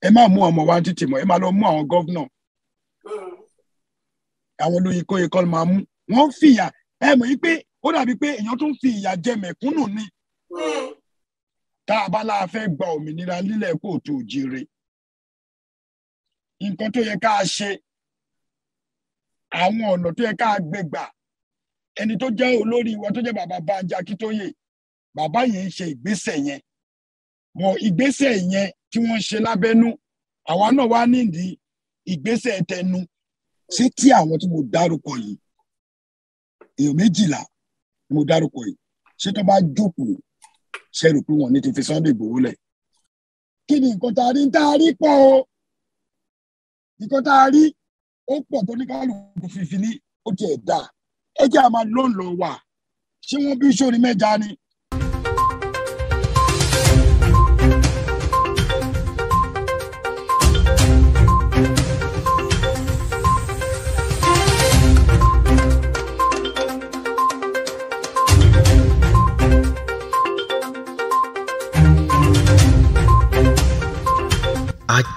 ẹ má mú ọmọ wa títì mọ́ ẹ má lọ mú àwọn gọ́vnọ̀ àwọn olóyìnkó yìí kọ́ ló máa mú wọ́n fìyà ẹ mọ̀ yìí pé ó dàbí pé èèyàn tó fi ìyà jẹ mẹ̀kúnnù ni tá a bá láa fẹ́ gba òmìnira nílẹ̀ kóòtù òjìire nǹkan tó yẹ ká ṣe àwọn ọ̀nà tó yẹ ká gbé gbà ẹni tó jẹ́ olórí wa tó jẹ́ bàbá Bánjí Akíntóyè bàbá yẹn ń ṣe ìgbésẹ̀ yẹn mọ ìgbésẹ̀ yẹn tí wọ́n ń ṣe lábẹ́nú àwa náà wá nídìí ìgbésẹ̀ tẹnu ṣé tí àwọn tí mo dárúkọ yìí èèyàn méjìlá ni mo dárúkọ yìí ṣé tó bá jókòó ṣe rò pé wọn ní ti fi Sunday Igboho lẹ̀ kí ni nǹkan tá a rí tá a rí pọ̀ o nǹkan tá a rí ó pọ̀ tó ní kálukú fífi ní ó tiẹ̀ dáa ẹ jẹ́ àmà lóńlọ́ wà ṣé wọ́n bí sórí mẹ́ja ni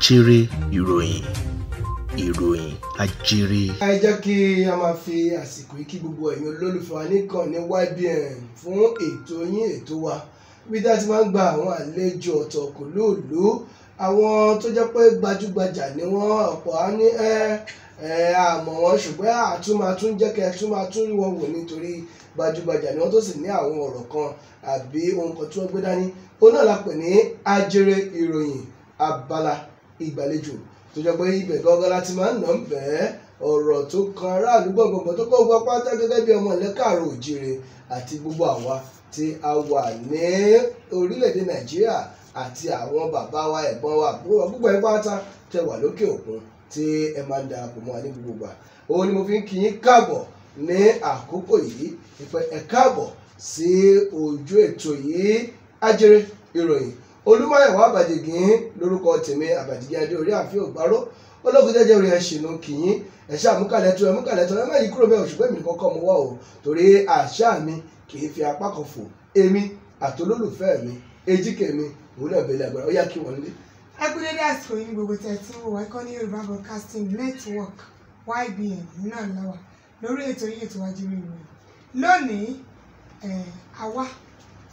ajere ìròyìn ìròyìn ajere. ẹ jẹ́ kí a máa fi àsìkò yìí kí gbogbo ẹ̀yin olólùfẹ́ wa nìkan ní YBN fún ètò yín ètò wa bí dá ti máa ń gba àwọn àlejò ọ̀tọ̀ kò lóòló àwọn tó jẹ́ pé gbajúgbajà ni wọ́n ọ̀pọ̀ á ní ẹ́ ẹ àmọ́ wọn ṣùgbọ́n àtúmọ̀tún jẹ́ kẹ́ àtúmọ̀tún wọn wò nítorí gbajúgbajà ni wọ́n tó sì ní àwọn ọ̀rọ̀ kan àbí ohun kan tí wọ́n gbé dání òun náà la pè ní ajere ìròyìn abala ìgbàlejò tó jẹ́ pé ibẹ̀ gángan láti máa ń nà ń bẹ́ẹ̀ ọ̀rọ̀ tó kan aráàlú gbọ̀ngbọ̀ngbọ̀n tó kọ́ pátá gẹ́gẹ́ bí ọmọ ìlẹ́kàrọ̀ òjire àti gbogbo àwa tí a wà ní orílẹ̀-èdè nàìjíríà àti àwọn bàbá wa ẹ̀gbọ́n wa àbúrò gbogbo ẹ̀ pátá tẹ wà lókè òkun tí ẹ máa ń darapọ̀ mọ́ ní gbogbo gbà òun ni mo fi ń kí yín káàbọ̀ ní àkókò yìí ìpẹ́ ẹ̀ káàbọ̀ sí ojú ètò yìí ajere ìròyìn olúmọ̀yẹ̀wò àbàjẹ́gìn lórúkọ tèmi àbàjẹ́gìn adé orí àfi ògbárò olókùn jẹjẹ orí ẹṣìnú kìyìn ẹṣẹ àmúkalẹ̀ tó ẹmúkalẹ̀ tó ẹ má yí kúrò bẹ́ẹ̀ òṣùpẹ́ mi kọ́kọ́ mo wá o torí àṣà mi kì í fi apá kan fò èmi àtolólùfẹ́ mi ejíkẹ́ mi òun náà bẹ̀rẹ̀ àgbàrá ó yá kí wọ́n lé. ẹ àsìkò yín gbogbo tẹ tí wọ́n wáyé kọ́ ní Yorùbá Broadcasting Network YBN náà lọ́wọ́ lórí ètò yìí ètò wájú rẹ̀ lónìí àwa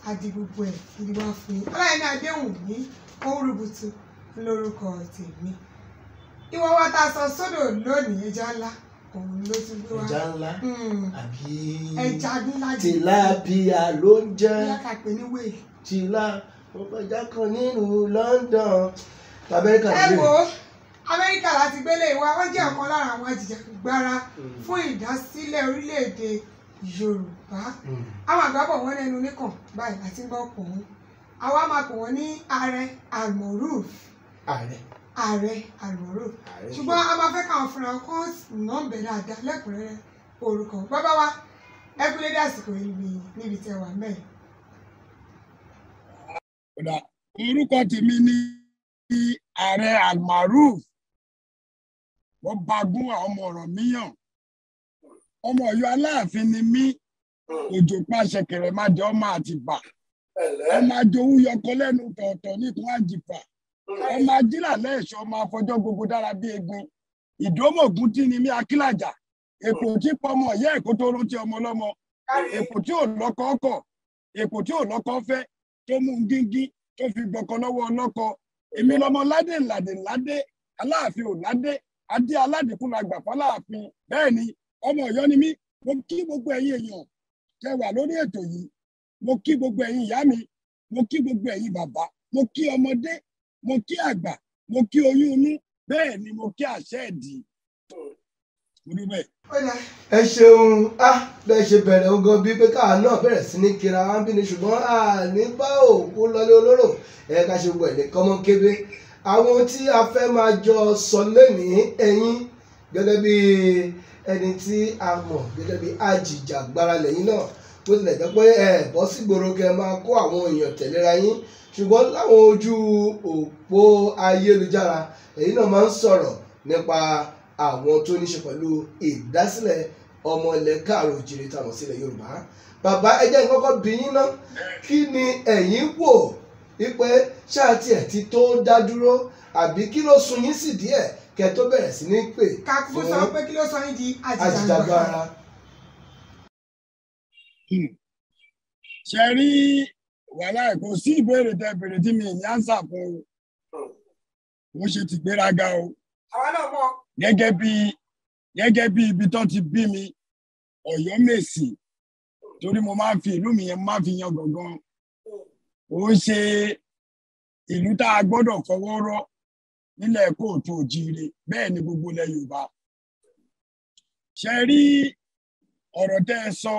adi gbogbo ẹ̀ ìdíwá fún yín ọláyẹmí adéhùnmí owurubutu lórúkọ tèmi ìwọ wa ta sọ sódò lónìí ẹja ńlá òun ló tún gbé wá ẹja ńlá hmm. àbí ẹja ńlá tìlápìá ló ń jẹ lákàpẹ ní wèé tìlá ọjà kan nínú London Amẹ́ríkà lè. ẹ wo Amẹ́ríkà láti gbélé wa wọ́n jẹ́ ọ̀kan lára àwọn ajìjàgbara hmm. fún ìdásílẹ̀ orílẹ̀ yorùbá mm. àwọn àgbàbọ̀ wọn lẹ́nu nìkan báyìí àti gbọ́ pọ̀ wọn àwa máa pọ̀ wọn ní ààrẹ almoruf ààrẹ almoruf ṣùgbọ́n a máa fẹ́ káwọn fúnra kan nà ń lẹ́kùnrẹ́rẹ́ orúkọ bàbá wa ẹ kú lédè àsìkò níbi níbi tẹ wà mẹ́ẹ̀. orúkọ tèmi ni ààrẹ almoruf wọ́n bagún àwọn ọmọ ọ̀rọ̀ míyàn ọmọ Ọ̀yọ́ Aláàfin ni mí òjò pàṣẹ kẹrẹ má jẹ ọmọ Àtìbà ọmọ àjòwú yọkọ lẹ́nu tọ̀ọ̀tọ̀ nìkan àjìfà hmm. ọmọ ajílà lẹ́ẹ̀ṣọ́ ọmọ afọjọ́ gbogbo dára bíi egbin ìdómògùn tí ni mí akílàjà èkó tí pọmọ ìyá èkó tó rántí ọmọ ọlọ́mọ èkó tí ò lọ́kọ ọkọ èkó tí ò lọ́kọ fẹ́ tó mú un gíngín tó fi gbọkọ lọ́wọ́ ọlọ́kọ èmi lọmọ ládé ńládé ńládé aláàfin ò ládé adé aládìkúnlagbà fọláàfin bẹ́ẹ̀ ni ọmọ Ọ̀yọ́ ni mí mo kí gbogbo ẹ̀yin èèyàn tẹ́ wà lórí ètò yìí mo kí gbogbo ẹ̀yin ìyá mi mo kí gbogbo ẹ̀yin bàbá mo kí ọmọdé mo kí àgbà mo kí oyún inú bẹ́ẹ̀ ni mo kí àṣẹ ẹ̀dì ẹ ṣeun á lẹ ṣe bẹ̀rẹ̀ ogan bíi pé káà náà bẹ̀rẹ̀ sí ní kira wá ń bí ni ṣùgbọ́n a ní bá òkú lọlé olóró ẹ ká ṣe wẹ̀ ní kọ́mọ́ kébé àwọn tí a fẹ́ máa jọ sọ lẹ́nìí ẹ̀yìn gẹ́gẹ́ bíi ẹni tí a mọ̀ gẹ́gẹ́ bí ajìjàgbara lẹ́yìn náà bó tilẹ̀ jẹ́ pé ẹ bọ́ sí gbòòrò kẹ máa kó àwọn èèyàn tẹ̀léra yín ṣùgbọ́n láwọn ojú òpó ayélujára èyí náà máa ń sọ̀rọ̀ nípa àwọn tó ní ṣe pẹ̀lú ìdásílẹ̀ ọmọ ilẹ̀ káàró òjìrì táwọn sílẹ̀ Yorùbá bàbá ẹ jẹ́ n kọ́kọ́ bi yín ná kí ni ẹ̀yin wò wípé ṣáàtì ẹ̀ ti tó dá dúró àbí kí ló sun yín sí díẹ̀ kẹ tó bẹ̀rẹ̀ sí ní pè fún ajìjàgbara. Hmm. ṣe rí wàhálà kò sí ìbéèrè tẹ bèrè tí mi ìyá ń sàkún o mo ṣe ti gbéraga o gẹ́gẹ́ bí gẹ́gẹ́ bí ibi tó ti bí mi Ọ̀yọ́ Mèsì torí mo máa ń fi ìlú mi yẹn máa fi yan gangan ó ń ṣe ìlú tá a gbọ́dọ̀ fọwọ́ rọ́ nílẹ̀ kóòtù òjíire bẹ́ẹ̀ ni gbogbo ilẹ̀ Yorùbá ṣe rí ọ̀rọ̀ tẹ́ ẹ sọ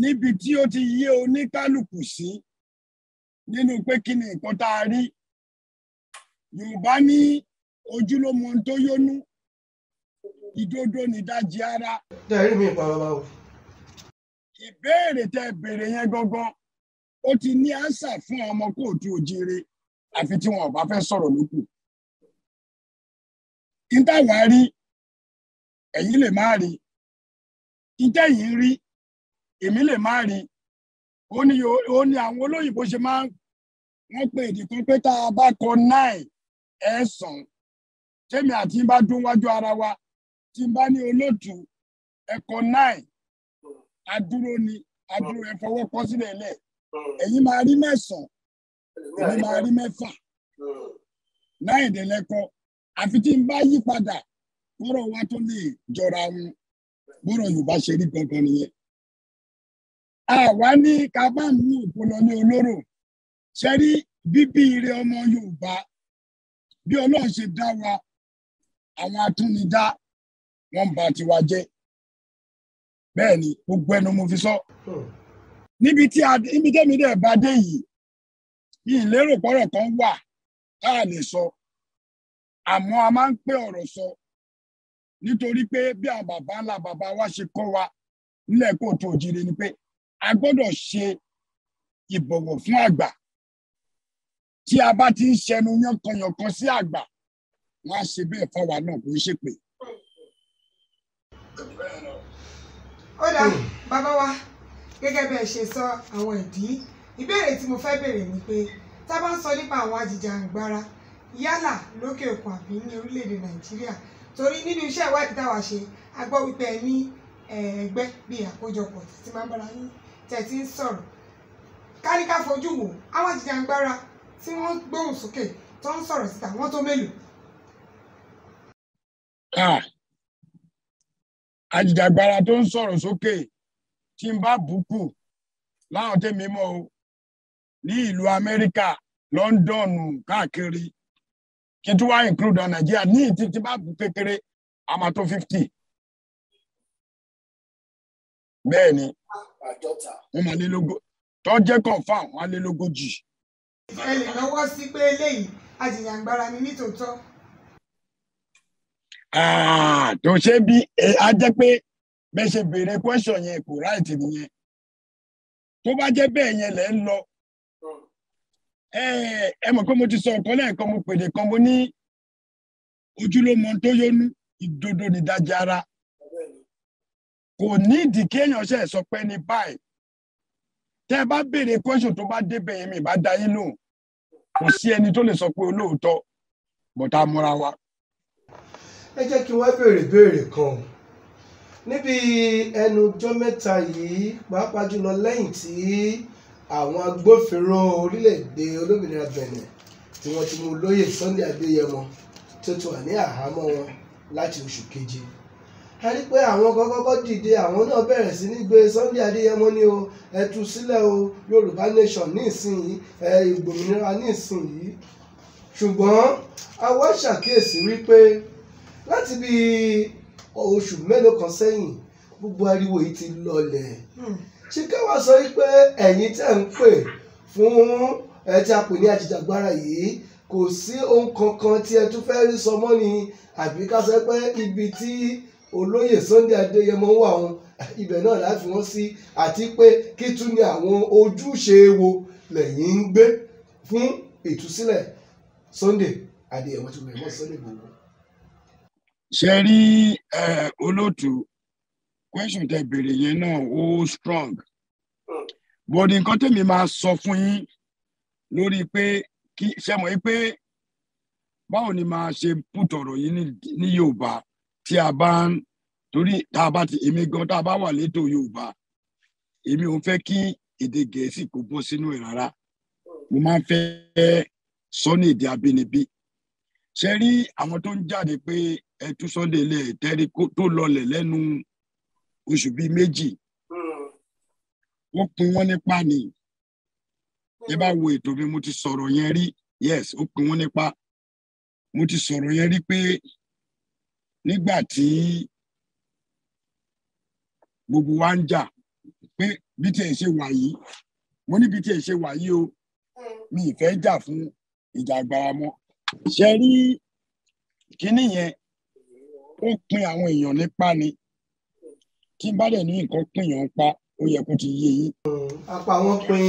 níbi tí ó ti yé oníkálukú sí nínú pé kí ni nǹkan tá a rí Yorùbá ní ojú ló mọ ohun tó yónú ìdodo nídajì ara. dẹ́rẹ́ mi pa bàbá o. ìbéèrè tẹ́ béèrè yẹn gangan ó ti ní àṣà fún ọmọ kóòtù òjíire àfi tí wọn ò bá fẹ́ sọ̀rọ̀ lókù. níta wà á rí ẹ̀yin lè má rí níta yìí ń rí èmi lè má rí ó ní ó ní àwọn olóyìnbó ṣe máa wọ́n pe èdè kan pé tá a bá kọ nine ẹ̀ sàn tẹ́mi àti bá dún wájú ara wa tí n bá ní olóòtú ẹ̀kọ́ nine adúró ni adúró ẹ̀ fọwọ́ kọ́ sílẹ̀ lẹ̀ hmm. ẹ̀yin máa rí mẹ́sàn-án èmi máa rí mẹ́fà hmm. náà ìdẹ́lẹ́kọ́ àfi tí n bá yí padà kọ́rọ̀ wa tó lè jọra wọn bọ́rọ̀ Yorùbá ṣe rí gangan nìyẹn. àwa ní kábàámù ní olóró ṣe rí bíbí ire ọmọ Yorùbá bí Ọlọ́run ṣe dá wa àwọn atúnidá wọ́n bà tiwa jẹ́ bẹ́ẹ̀ ni gbogbo ẹnu mo fi sọ hmm. níbi tí ẹ̀mí dẹ̀ bá dé yìí mi ì lérò pọ̀rọ̀ kan wà tá a lè sọ àmọ́ a máa ń pé ọ̀rọ̀ sọ nítorí pé bí àwọn bàbá ńlá bàbá wa ṣe kọ́ wa nílẹ̀ kó tó jíire ni pé a gbọ́dọ̀ ṣe ìbọ̀wọ̀ fún àgbà tí a bá ti ń ṣẹnu yánkanyànkan sí àgbà wọn á ṣe bẹ́ẹ̀ fáwa náà kò ń ṣèpè. ó dà bàbá wa gẹ́gẹ́ bẹ́ẹ̀ ṣe sọ àwọn ìdí ìbéèrè tí mo fẹ́ béèrè ni pé tá a bá ń sọ nípa àwọn ajìjàǹgbara yálà lókè òkun àbí ní orílẹ̀-èdè nàìjíríà torí nínú iṣẹ́ ìwádìí táwa ṣe a gbọ́ wípé ẹ ní ẹgbẹ́ bíi àkójọpọ̀ tẹ̀tí máa ń bára yín tẹ̀tí ń sọ̀rọ̀ káríká fojú wò àwọn ajìjàǹgbara tí wọ́n gbóhùn sókè tó ń sọ̀rọ̀ síta wọ́n tó mélòó. Ah. ajìjàǹgbara tó ń sọ̀rọ̀ sókè tí ń bá bùkù láwọn tẹ̀mí mọ́ o ní ìlú amẹ́ríkà london káàkiri kí tí nàìjíríà ní ìtìtì bá kú kékeré a tó ni wọ́n máa lé lógo wọ́n á lọ́wọ́ ah, ṣe bí a jẹ́ pé bẹ́ẹ̀ ṣe béèrè yẹn kò ráìtì nìyẹn tó bá jẹ́ bẹ́ẹ̀ yẹn lẹ́ ń lọ ẹ mọ̀ pé mo ti sọ ọ̀kan lẹ́ẹ̀kan mo pèdè kan mo ní ojúlómọ tó yónú ìdodo nìdajì ara kò ní ìdí kí èèyàn ṣe sọ pé ní báyìí tẹ́ ẹ bá béèrè kwẹ́sùn tó bá débẹ̀ yẹn mi bá da yín lóhùn kò sí ẹni tó lè sọ pé olóòótọ́ bọ̀tá múra wa. ẹ jẹ́ kí wá béèrè béèrè kan níbi ẹnu ọjọ́ mẹ́ta yìí pàápàá jùlọ lẹ́yìn Tí àwọn agbófinró orílẹ̀-èdè olómìnira Benin tí wọ́n ti mú lóyè Sunday Adéyẹmọ tó ti wà ní àhámọ́ wọn láti oṣù keje a rí pé àwọn kan kọ́kọ́ dìde àwọn náà bẹ̀rẹ̀ sí ní gbé Sunday Adéyẹmọ ní o ẹ tú sílẹ̀ o Yorùbá nation nísìnyí ẹ ìgbòmìnira nísìnyí ṣùgbọ́n a wá ṣàkíyèsí wípé láti bí oṣù mélòó kan sẹ́yìn gbogbo ariwo yìí ti lọlẹ̀. Hmm ṣé wa sọ wípé ẹ̀yin tẹ̀ ń pè fún ẹ tí a pè ní ajìjàgbara yìí kò sí ohun kankan tí ẹ tún fẹ́ rí sọ mọ́ ni àbí ká sọ pé ibi tí olóyè Sunday Adéyẹmọ wà wọn ibẹ̀ náà láti wọ́n sí àti pé kí tún ni àwọn ojúṣe wo lẹ́yìn ń gbé fún ìtúsílẹ̀ Sunday Adéyẹmọ tí wọ́n mọ̀ Sunday gbogbo. ṣe rí olóòtú question tẹ béèrè yẹn náà ó strong bọ́dí nǹkan tèmi máa sọ fún yín lórí pé kí ṣe mọ̀ pé báwo ni máa ṣe put ọ̀rọ̀ ní Yorùbá tí a bá ń torí tá a bá ti èmi gan tá a bá wà létò Yorùbá èmi ò fẹ́ kí èdè Gẹ̀ẹ́sì kò bọ́ sínú ẹ̀ rárá mo máa ń fẹ́ sọ ní èdè abínibí ṣe rí àwọn tó ń jáde pé ẹ Sunday lẹ tẹrí tó lọlẹ̀ lẹ́nu oṣù bíi méjì hmm. wọ́n pin wọ́n nípa ni ẹ bá hmm. wo ètò mi mo ti sọ̀rọ̀ yẹn rí yes ó pin wọ́n nípa mo ti sọ̀rọ̀ yẹn rí pé nígbà tí gbogbo wa ń jà pé bí tiẹ̀ ṣe wà yìí mo ní bí tiẹ̀ ṣe wà yìí o hmm. mi ì fẹ́ jà fún ìjà àgbàrá mọ́ ṣe rí kínní yẹn ó pin àwọn èèyàn nípa ni. Mm tí n bá dẹ̀ ní nǹkan pìyàn pa ó yẹ kó ti yé yín. Hmm, apá wọn pin.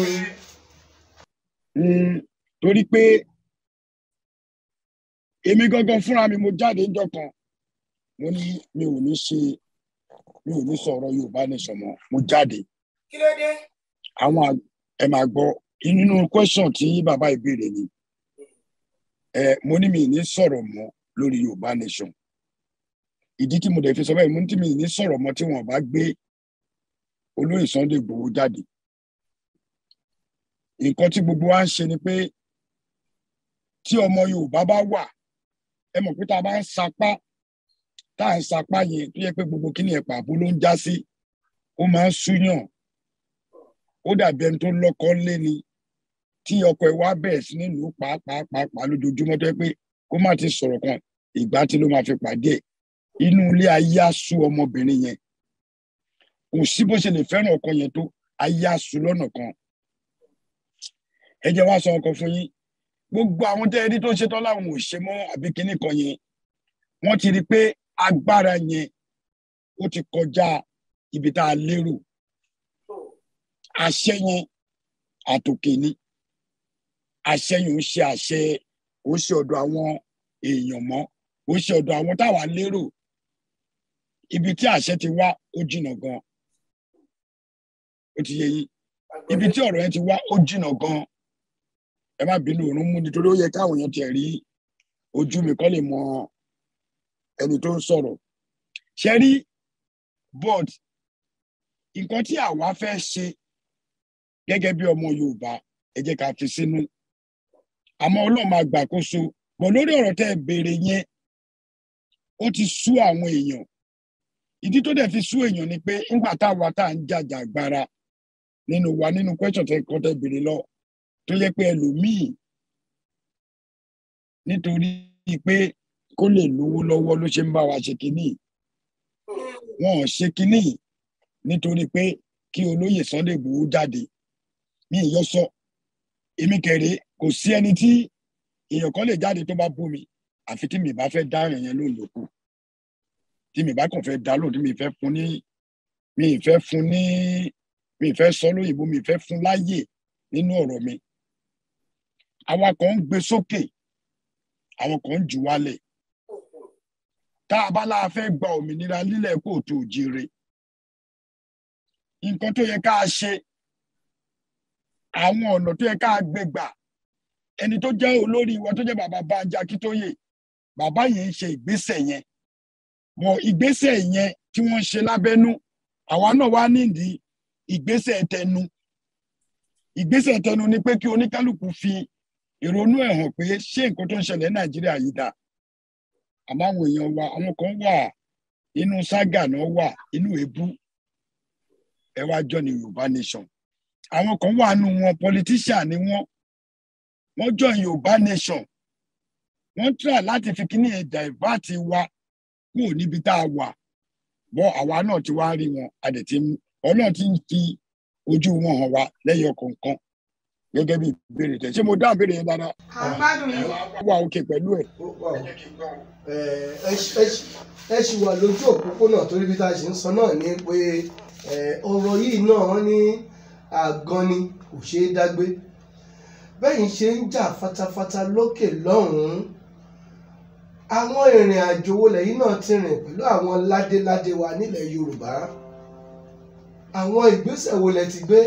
Hmm, torí pé èmi gangan fúnra mi mo jáde ńjọ́ kan mo ní mi ò ní ṣe mi ò ní sọ̀rọ̀ Yorùbá nation mọ́ mo jáde. kí ló dé. àwọn ẹ máa gbọ́ nínú question tí bàbá ìbéèrè ni mo ní mi ní sọ̀rọ̀ mọ́ lórí Yorùbá nation ìdí tí mo dẹ̀ fi sọ bẹ́ẹ̀ mú tí mi ní sọ̀rọ̀ mọ́ tí wọ́n bá gbé olóyè Sunday Igboho jáde nǹkan tí gbogbo wa ń ṣe ni pé tí ọmọ Yorùbá bá wà ẹ mọ̀ pé tá a bá ń sapá tá à ń sapá yẹn tó yẹ pé gbogbo kíní ẹ̀ pàbó ló ń já sí ó máa ń súyàn ó dàbí ẹni tó lọ́kọ lé ni tí ọkọ ẹ̀ wá bẹ̀rẹ̀ sí nílùú pàápàá pàápàá lójoojúmọ́ tó yẹ pé kó má ti sọ̀rọ̀ kan ìgbà tí ló máa fi pàdé ẹ̀ inú ilé ayé aṣọ ọmọbìnrin yẹn kò sí bó ṣe lè fẹ́ràn ọkọ yẹn tó ayé aṣọ lọ́nà kan ẹ jẹ́ wá sọ ọkọ fún yín gbogbo àwọn tẹ́ ẹ rí tó ṣetán láwọn ò ṣe mọ́ àbí kinní kan yẹn wọ́n ti rí i pé agbára yẹn ó ti kọjá ibi tá a lérò àṣẹ yẹn àtòkè ni àṣẹ yẹn ò ṣe àṣẹ ò ṣe ọ̀dọ̀ àwọn èèyàn mọ́ ò ṣe ọ̀dọ̀ àwọn táwa lérò ibi tí àṣẹ ti wá ó jìnnà gan ó ti yé yín ibi tí ọ̀rọ̀ yẹn ti wá ó jìnnà gan ẹ má bínú òórùn mú nítorí ó yẹ káwọn èèyàn tiẹ̀ rí ojú mi kọ́ lè mọ ẹni tó ń sọ̀rọ̀ ṣe rí but nǹkan tí àwa fẹ́ ṣe gẹ́gẹ́ bí ọmọ Yorùbá ẹ jẹ́ ká fi sínú àmọ́ Ọlọ́run máa gbàkóso bọ̀ lórí ọ̀rọ̀ tẹ́ ẹ béèrè yẹn ó ti sú àwọn èèyàn ìdí tó dẹ̀ fi sú èèyàn ni pé ńgbà táwa tá à ń jàjà agbára nínú wa nínú question tẹ kọ́ tẹ béèrè lọ tó yẹ pé ẹlòmíì nítorí pé kó lè lówó lọ́wọ́ ló ṣe ń bá wa ṣe kínní wọn ò ṣe kínní nítorí pé kí olóyè Sunday Igboho jáde ní ìyọ́sọ́ èmi kẹrẹ kò sí ẹni tí èèyàn kan lè jáde tó bá bú mi àfi tí mi bá fẹ́ dáràn yẹn lóòlò kù tí mi bá kàn fẹ́ dá lóhùn tí mi fẹ́ fún ní mi fẹ́ fún ní mi fẹ́ sọ lóyìnbó mi fẹ́ fún láyè nínú ọ̀rọ̀ mi àwa kan ń gbé sókè àwọn kan ń jù wálẹ̀ tá a bá láa fẹ́ gba òmìnira lílẹ̀ kó tó jire nǹkan tó yẹ ká a ṣe àwọn ọ̀nà tó yẹ ká a gbé gbà ẹni tó jẹ́ olórí wa tó jẹ́ bàbá Bánjí Akíntóyè bàbá yìí ń ṣe ìgbésẹ̀ yẹn wọn ìgbésẹ̀ yẹn tí wọ́n ṣe lábẹ́nú àwa náà wá nídìí ìgbésẹ̀ tẹnu ìgbésẹ̀ tẹnu ni pé kí oníkálukú fi ìrònú ẹ̀ hàn pé ṣé nǹkan tó ń ṣẹlẹ̀ nàìjíríà yìí dáa àmọ́ àwọn èèyàn wa àwọn kan wà inú ságà náà wà inú èébú ẹ wá jọ ní yorùbá nation àwọn kan wà nù wọn politician ni wọn wọn jọ yorùbá nation wọn try láti fi kíní ẹ divert wa kúrò níbi tá a wà bọ́ àwa náà ti wá rí wọn adẹ̀ ti mú ọlọ́run ti ń fi ojú wọn hàn wá lẹ́yìn ọ̀kọ̀ọ̀kan gẹ́gẹ́ bí ìbéèrè tẹ̀ ṣé mo dáhùn béèrè yẹn dáadáa. àgbàdùn yìí. wà òkè pẹ̀lú ẹ̀. ẹ ṣì wà lójú òpópónà torí bí tá a ṣe ń sọ náà ni pé ọ̀rọ̀ yìí náà kò ṣeé dágbé bẹ́ẹ̀ àwọn ìrìn àjò wo lẹ́yìn náà ti rìn pẹ̀lú àwọn ládéládé wa nílẹ̀ Yorùbá àwọn ìgbésẹ̀ wo lẹ ti gbé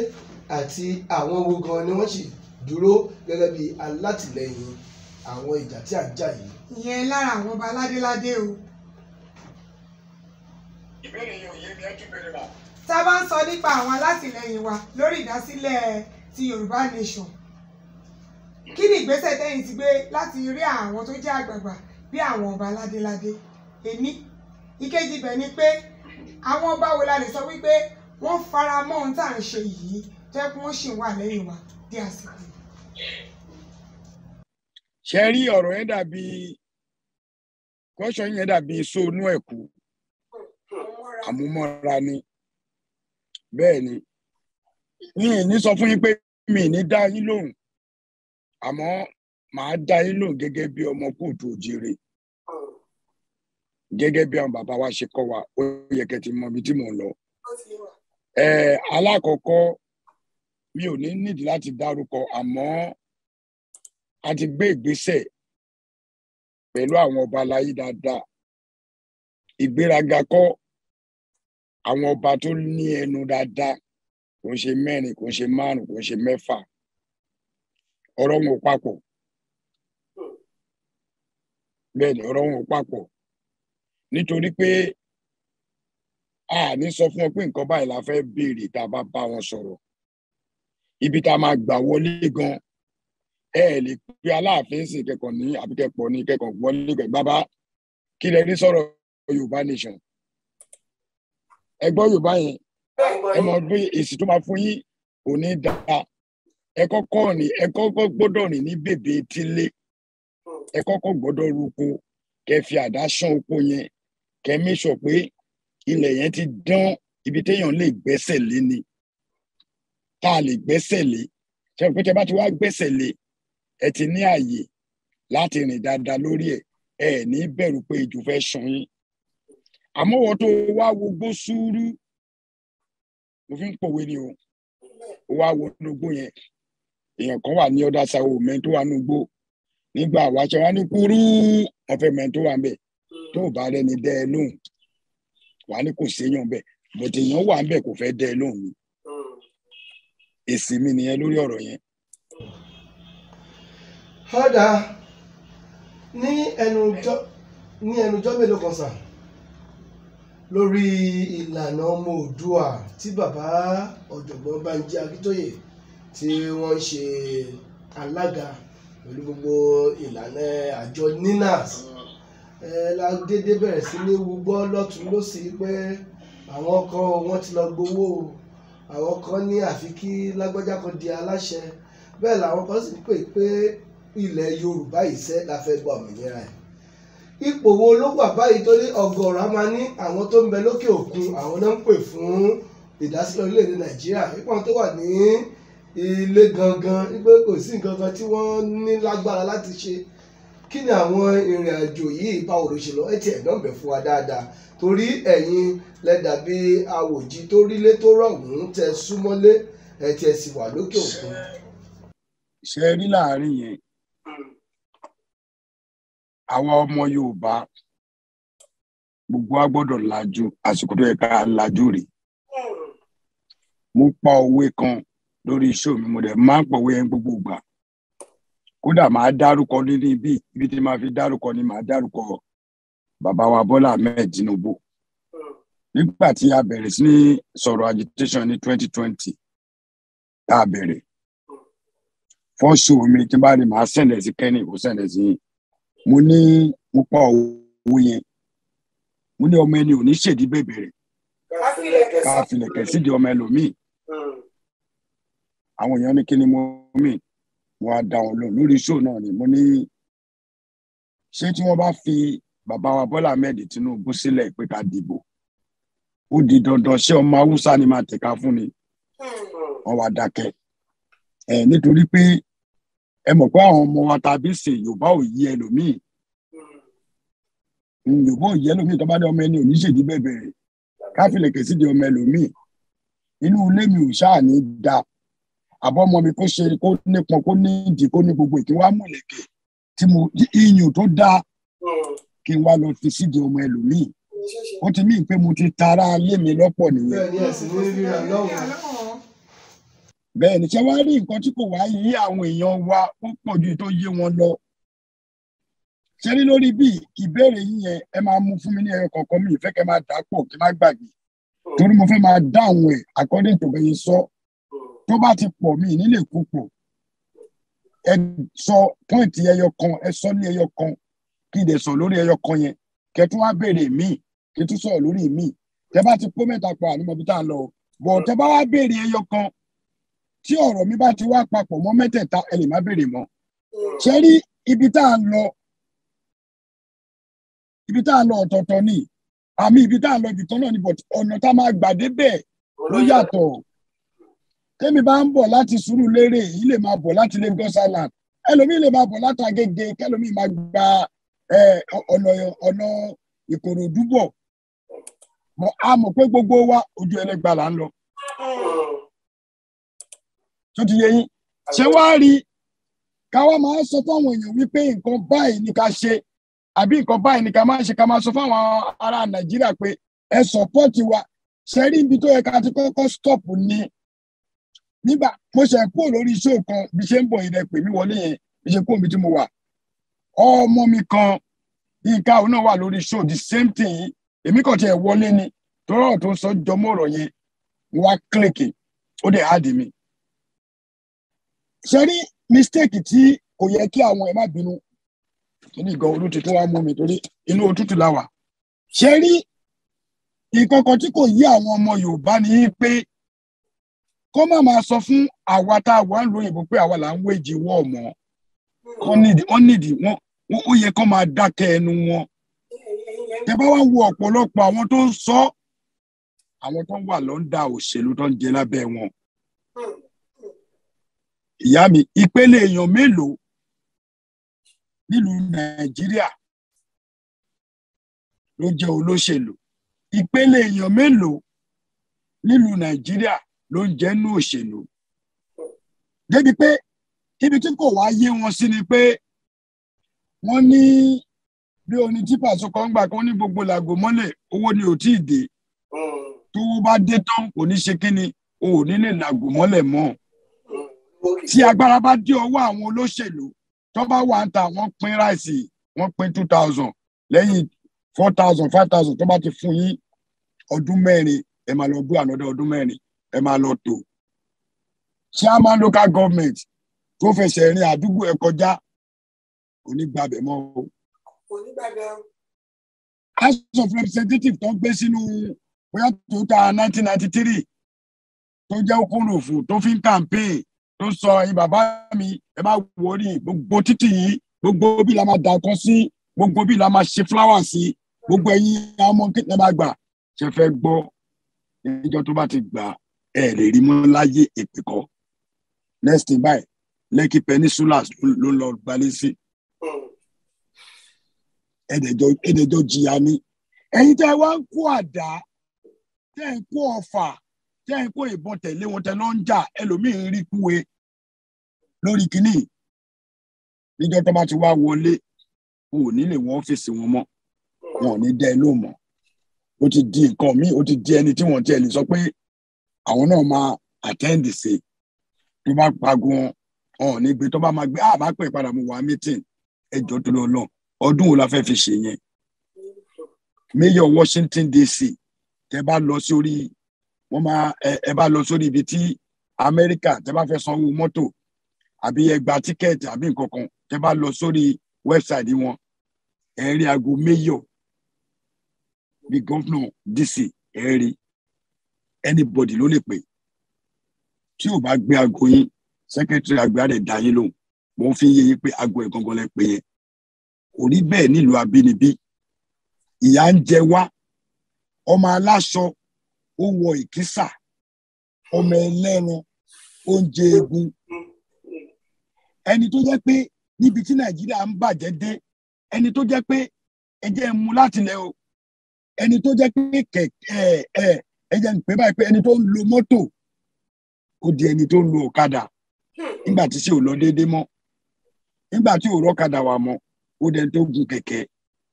àti àwọn wo ni wọ́n sì dúró gẹ́gẹ́ bí alátìlẹyìn àwọn ìjà tí à ń jà yìí. ìyẹn lára àwọn ọba ládéládé o. ìbéèrè yìí ò yé mi ẹjú bèrè mà. tá a bá ń sọ nípa àwọn alátìlẹyìn wa lórí ìdásílẹ̀ ti Yorùbá Nation kí ni ìgbésẹ̀ tẹ́yìn ti gbé láti rí àwọn tó jẹ́ àgbààgbà bí àwọn ọba ládéládé èmi ìkejì bẹ̀ ni pé àwọn ọba wo la lè sọ wípé wọ́n fara mọ́ ohun tá à ń ṣe yìí jẹ́ kí wọ́n ṣì wà lẹ́yìn wa dé àsìkò. ṣe rí ọ̀rọ̀ yẹn dàbí kọ́ṣọ́ yẹn dàbí sóònú ẹ̀kú àmúmọ́ra ni bẹ́ẹ̀ ni mi ì ní sọ fún yín pé mi ì ní dá yín lóhùn àmọ́ màá dá yín lò gẹ́gẹ́ bí ọmọ kóòtù òjìrè gẹ́gẹ́ bí àwọn bàbá wa ṣe kọ́ wa ó yẹ kẹ́ ti mọ ibi tí mò ń lọ. alákọ̀ọ́kọ́ mi ò ní nídìí láti dárúkọ àmọ́ a ti gbé ìgbésẹ̀ pẹ̀lú àwọn ọba aláyé dáadáa ìgbéraga kọ́ àwọn ọba tó ní ẹnu dáadáa kò ń ṣe mẹ́rin kò ń ṣe márùn kò ń ṣe mẹ́fà ọ̀rọ̀ wọn papọ̀ bẹ́ẹ̀ ni ọ̀rọ̀ wọn ò papọ̀ nítorí pé a ní sọ fún ọ pé nǹkan báyìí la fẹ́ béèrè tá a bá bá wọn sọ̀rọ̀ ibi tá a máa gbà wọlé gan ẹ lè pe aláàfin sì kẹkọọ ní àbíkẹpọ ní kẹkọọ wọlé gan bàbá kí lẹ rí sọ̀rọ̀ Yorùbá nation ẹ gbọ́ Yorùbá yẹn ẹ mọ̀ bí èsì tó máa fún yín kò ní dáa ẹ kọ́kọ́ ní ẹ kọ́kọ́ gbọ́dọ̀ ní ní bèbè tílé ẹ kọ́kọ́ gbọ́dọ̀ ruko kẹ fi àdá ṣán oko yẹn kẹ mẹsọ pé ilẹ̀ yẹn ti dán ibi téèyàn lè gbẹ́sẹ̀ lé ni tá a lè gbẹ́sẹ̀ lé ṣe pé tẹ bá ti wá gbẹ́sẹ̀ lé ẹ ti ní àyè láti rìn dáadáa lórí ẹ ẹ ní bẹ̀rù pé ìjù fẹ́ sùn yín àmọ́ tó wá wogbó sùúrù mo fi ń pòwe ni o wá wo nugbó yẹn èèyàn kan wà ní ọ̀dà sáwọ́ mẹ́tò wà nugbó nígbà wàṣọ wa ní kúrú ọfẹ mọ tó wà ń bẹ tó bá rẹni dẹ ẹ lóhùn wà ní kò séyàn bẹ bòtí èèyàn wà ń bẹ kò fẹ́ dẹ ẹ lóhùn mi èsì mi nìyẹn lórí ọ̀rọ̀ yẹn. ọ̀dà ní ẹnujọ́ ní ẹnujọ́ mélòó kan sàn lórí ìlànà ọmọ òdua tí bàbá ọ̀jọ̀gbọ́n Bánjí Akíntóyè tí wọ́n ń ṣe alága pẹ̀lú gbogbo ìlànà àjọ ninas la dédé bẹ̀rẹ̀ sí ní wúgbọ́ lọ́tún lọ́sì pé àwọn kan wọ́n ti lọ gbowó o àwọn kan ní àfi kí lágbájá kan di aláṣẹ bẹ́ẹ̀ làwọn kan sì ń pè pé ilẹ̀ Yorùbá ìṣẹ́ la fẹ́ gba òmìnira ẹ̀ ipò wo ló wà báyìí torí ọ̀gọ̀ọ̀rọ̀ a máa ní àwọn tó ń bẹ lókè òkun àwọn náà ń pè fún ìdásílẹ̀ orílẹ̀ Nàìjíríà ipò àwọn tó wà ní ilé gangan wípé kò sí nǹkan kan tí wọ́n ní lágbára láti ṣe kí ni àwọn ìrìn àjò yìí báwo ló ṣe lọ ẹ ti ẹ̀dán bẹ̀ fún wa dáadáa torí ẹ̀yin lẹ́dà bí awòjì tó rílé tó rọ̀gùn tẹ súnmọ́lé ẹ ti ẹ̀ sì wà lókè òkun. ṣe rí láàrin yẹn àwa ọmọ Yorùbá gbogbo a gbọ́dọ̀ lajú àsìkò tó yẹ ká lajú rèé mo pa òwe kan lórí iṣó mi mo dẹ̀ máa ń pọ̀wé yẹn gbogbo ìgbà kódà máa dárúkọ nínú ibi ibi tí máa fi dárúkọ ni máa dárúkọ bàbá wa Bọ́lá Ahmed Tinubu nígbà tí a bẹ̀rẹ̀ sí ní sọ̀rọ̀ agitation ní twenty twenty tá a bẹ̀rẹ̀ fọ́ṣù mi tí bá ní màá sẹ̀lẹ̀ sí kẹ́ni kò sẹ̀lẹ̀ sí yín mo ní mo pa yẹn mo ní ọmọ ẹni ò ní ṣèdí bèbèrè ká filẹ̀kẹ̀ ọmọ ẹlòmíì àwọn èèyàn ní kí ni mo mì mo á dá wọn lóhùn lórí show náà ni mo ní ṣé tí wọ́n bá fi bàbá wa Bọ́lá Ahmed Tinubu sílẹ̀ pé ká dìbò ó di dandan ṣé ọmọ Haúsá ni máa tẹ̀ka fún ni wọ́n wá dákẹ́ ẹ̀ nítorí pé ẹ mọ̀ pé àwọn ọmọ wa tàbí ṣe Yorùbá ò yí ẹlòmíì hmm, Yorùbá ò yí ẹlòmíì tó bá dé ọmọ ẹni ò ní ṣèdí bẹ̀bẹ̀rẹ̀ káfílẹ̀ kèsì di ọmọ ẹlòmíì inú ilé mi ò ṣáà ní dáa àbọ̀mọ mi kó ṣe kó nípọn kó ní ìdí kó ní gbogbo ìkí wá mú ìlẹ̀kẹ̀ tí mo iyùn tó dáa kí n wá lọ fi sídìí ọmọ ẹlòmíì ó ti mí pé mo ti tara ayé mi lọ́pọ̀ nìyẹn. bẹ́ẹ̀ ni ṣé wàá rí nǹkan tí kò wá yí àwọn èèyàn wa ó pọ̀ ju tó yé wọn lọ. ṣé ní lórí bí ìbéèrè yín yẹn ẹ máa mú fún mi ní ẹyọ kọ̀ọ̀kan mi ìfẹ́ kẹ́ máa dà pọ̀ kí n má gbàgbé oh. torí mo fẹ́ máa dáhùn ẹ̀ according to bẹ́yẹn sọ tó bá ti pọ̀ mí nílé kó pọ̀ ẹ sọ pọ́ìntì ẹyọ kan ẹ sọ ní ẹyọ kan kí n dẹ̀ sọ lórí ẹyọ kan yẹn kẹ tún wá béèrè míì kí tún sọ̀rọ̀ lórí míì tẹ bá ti kó mẹ́ta pa àní mọ̀bí tá a lọ bọ̀ tẹ bá wá béèrè ẹyọ kan tí ọ̀rọ̀ mi bá ti wá papọ̀ mọ́ mẹ́tẹ̀ẹ̀ta ẹ lè má béèrè mọ́ ṣe rí ibi tá a lọ ibi tá a lọ ọ̀tọ̀ọ̀tọ̀ ni àmì ibi tá a lọ ibìkan náà ni but ọ̀nà tá a máa gbà débẹ̀ ló yàtọ̀ tẹ́mi bá ń bọ̀ láti sùúrù lérè yìí lè máa bọ̀ láti Lagos Island ẹlòmíì lè máa bọ̀ láti Agége kẹlòmíì máa gba ọ̀nà Ìkòròdú bọ̀ a mọ̀ pé gbogbo wa ojú ẹlẹ́gbà là ń lọ. tó ti yẹ yín ṣé wàá rí káwa máa sọ fáwọn èèyàn wípé nǹkan báyìí ni ká ṣe àbí nǹkan báyìí ni ká máa ṣe ká máa sọ fáwọn ará Nàìjíríà pé ẹ sọpọ́ọ̀tì wa ṣẹ́rí ibi tó yẹ ká ti kọ́kọ́ stọ́ọ̀pù ni nígbà mo ṣe kúrò lórí iṣẹ́ kan bí ṣe ń bọ̀ yìí rẹ pè mí wọlé yẹn bí ṣe kúrò mi tí mo wà ọmọ mi kan nǹkan àwọn náà wà lórí show the same thing yìí èmi kàn tiẹ̀ wọlé ni torí ọ̀rọ̀ tó ń sọ jọmọ́ ọ̀rọ̀ yẹn wá kílìkì ó dẹ̀ á dì ṣe rí mistake tí kò yẹ kí àwọn ẹ̀ má bínú torí ìgbà olú ti tún wá mú mi torí inú òtútù la wà. ṣe rí nǹkan kan tí kò yí àwọn ọmọ Yorùbá ni pé kó má máa sọ fún àwa tá a wà ń lo òyìnbó pé àwa là ń wéjì wọ́ ọ̀mọ́ wọ́n nídìí wọ́n ó yẹ kó máa dákẹ́ ẹnu wọn. ẹ wá wo ọ̀pọ̀lọpọ̀ àwọn tó ń sọ àwọn tó ń wà lọ́ńdà òṣèlú tó ń jẹ lábẹ́ wọn. ìyá mi ìpele èèyàn mélòó nílùú nàìjíríà ló jẹ́ olóṣèlú ìpele èèyàn mélòó nílùú nàìjíríà ló ń jẹ́ nú òṣèlú débi pé ibi tí kò wá yé wọn sí ni pé wọ́n ní bí oní tipa tó kàn gbà kan ní gbogbo làgò mọ́lẹ̀ owó ni ò tí ì dé tó bá dé tán kò ní ṣe kíni o ò ní lè làgò mọ́lẹ̀ mọ́ tí agbára bá dé ọwọ́ àwọn olóṣèlú tó bá wà ń ta wọ́n pín ráìsì wọ́n pín two thousand lẹ́yìn four thousand five thousand tó bá ti fún yín ọdún mẹ́rin ẹ̀ máa lọ bú ànọ́dá ọdún mẹ́rin ẹ máa lọ tó chairman local government tó fẹsẹ̀ rin àdúgbò ẹ kọjá onígbàbẹ̀ mọ́ o. house of representatives tó ń gbé sínú bóyá tó ta nineteen ninety three tó jẹ́ okòròfò tó fi ń campaign tó sọ ẹ̀yin bàbá mi ẹ má wọrí gbogbo títì yìí gbogbo bí la máa dà kan sí gbogbo bí la máa ṣe fúláwà sí gbogbo ẹ̀yin ọmọ kékeré máa gbà ṣe fẹ́ gbọ́ ìjọ tó bá ti gbà ẹ lè rí mọ́ láyé èpè kọ́ next thing báyìí Lekki peninsula ló lọ gbalẹ̀ sí ẹ̀ẹ́dẹ̀jọ́ jìyà ni ẹ̀yin tẹ́ wá ń kó àdá tẹ́ ń kó ọfà tẹ́ ń kó ìbọn tẹ̀lé wọn tẹ́ ló ń jà ẹlòmíín rí kúwe lórí kínní níjọ́ tó bá ti wá wọlé wọn ò ní lè wọ́n ọ́fíìsì wọn mọ́ wọn ò ní dẹ́ ló mọ́ ó ti di nǹkan míì ó ti di ẹni tí wọ́n tiẹ̀ lè sọ pé àwọn náà máa attend sí tó bá pagun ọ̀n ní tó bá máa gbé àbá ah, pè padà mo wà meeting ẹjọ́ tó lọ lọ ọdún wo la fẹ́ fi ṣe yẹn mayor Washington DC tẹ bá lọ sórí wọn máa ẹ bá lọ sórí ibi tí Amẹ́ríkà tẹ bá fẹ́ sanwó mọ́tò àbí ẹ gba tíkẹ́ẹ̀tì àbí nǹkan kan tẹ bá lọ sórí wẹ́bsáìtì wọn ẹ aago mayor bí gọ́fúnà DC ẹ anybody ló lè pè tí ò bá gbé aago yín secretary àgbà rẹ̀ dá yín lóhùn mo fi ń yé yín pé aago ẹ̀ gangan lẹ pè yẹn kò rí bẹ́ẹ̀ nílùú abínibí ìyà ń jẹ wá ọmọ aláṣọ ó wọ ìkísà ọmọ ẹlẹ́ran ó ń jẹ egun ẹni tó jẹ́ pé níbi tí nàìjíríà ń bàjẹ́ dé ẹni tó jẹ́ pé ẹjẹ́ ń mu látilẹ̀ o ẹni tó jẹ́ pé kẹ̀kẹ́ ẹ̀ ẹ jẹ́ ń pè báyìí pé ẹni tó ń lo mọ́tò ó di ẹni tó ń lo ọ̀kadà hmm. nígbà tí sí ò lọ déédéé mọ́ nígbà tí ò rọ́kadà wà mọ́ ó dẹni tó gun kẹ̀kẹ́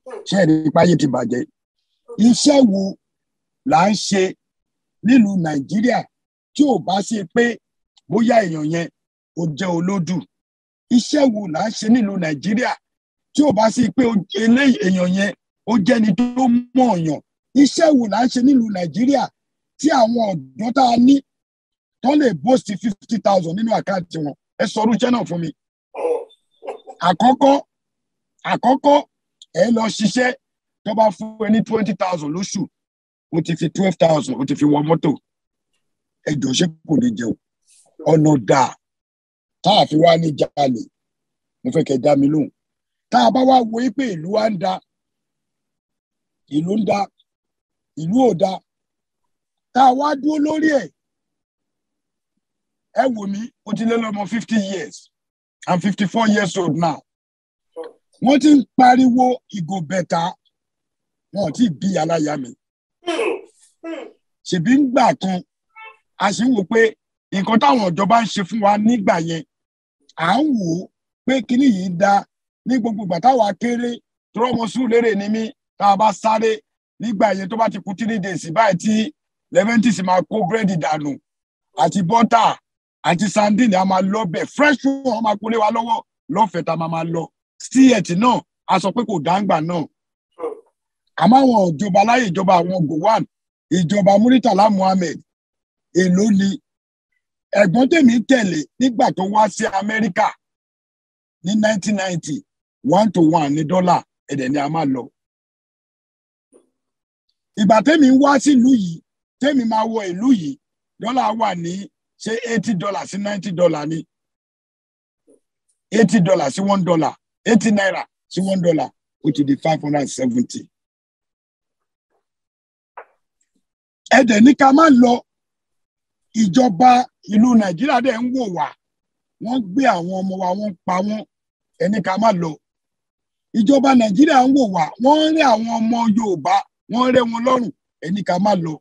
hmm. ṣé ẹ̀rí páyé ti bàjẹ́ hmm. iṣẹ́ wo là ń ṣe nílùú nàìjíríà tí ò bá ṣe pé bóyá èèyàn yẹn ó jẹ́ olódù iṣẹ́ wo là ń ṣe nílùú nàìjíríà tí ò bá ṣe pé eléyìí èèyàn yẹn ó jẹ́ni tó mọ̀ iṣẹ́ wo là ń ṣe nílùú nàìjíríà tí àwọn ọ̀dọ́ tá a ní tó lè boost fifty thousand nínú àkáǹtì wọn ẹ sọrú iṣẹ́ náà fún mi. àkọ́kọ́ àkọ́kọ́ ẹ lọ ṣiṣẹ́ tó bá fún ẹ ní twenty thousand lóṣù o ti fi twelve thousand o ti fi wọ mọ́tò ẹ jọ ṣe kò ní jẹun ọ̀nà dà tá a fi wá ní jalè mo fẹ́ kẹ́ dá mi lóhùn tá a bá wá wo pé ìlú wa ń da ìlú ń da ìlú ò da tá a wá dúró lórí ẹ̀ ẹ wò mí mo ti lé lọ́mọ fifty years i'm fifty four years old now wọ́n ti ń pariwo ìgò bẹ̀ta wọn ò tí ì bí aláya mi ṣèbí ń gbà kan a sì ń wò pé nǹkan táwọn ìjọba ń ṣe fún wa nígbà yẹn à ń wò ó pé kíní yìí da ní gbogbo ìgbà táwa kéré tọrọ ọmọ sùúrù lérè ni mí tá a bá sáré nígbà yẹn tó bá ti kú three days báyìí tí lẹ́mẹ́ntì sì máa kó búrẹ́dì dànù àti bọ́tà àti sandin a máa lọ bẹ̀ fresh one a máa kólé wa lọ́wọ́ lọ́fẹ̀ẹ́ tá a máa lọ stíyẹ̀tì náà a sọ pé kò dáńgbà náà àmọ́ àwọn ìjọba láyé ìjọba àwọn Gowon ìjọba Muritala Muhammed èló ni ẹ̀gbọ́n tèmi tẹ̀lé nígbà tó wá sí Amẹ́ríkà ní 1990 one to one ní dọ́là ẹ̀dẹ̀ ni a máa lọ. ìgbà tèmi wá sílùú yìí tẹ́mi máa wọ ìlú yìí dọ́là wà ní ṣé eighty dollar sí ninety dollar ni eighty dollar sí one dollar eighty naira sí one dollar ó ti di five hundred and seventy. ẹ dẹ̀ ní ká má lọ ìjọba ìlú nàìjíríà dẹ̀ ń wò wá wọ́n gbé àwọn ọmọ wa wọ́n pa wọ́n ẹ ní ká má lọ ìjọba nàìjíríà ń wò wá wọ́n ń rẹ́ àwọn ọmọ yorùbá wọ́n rẹ́ wọn lọ́rùn ẹ ká má lọ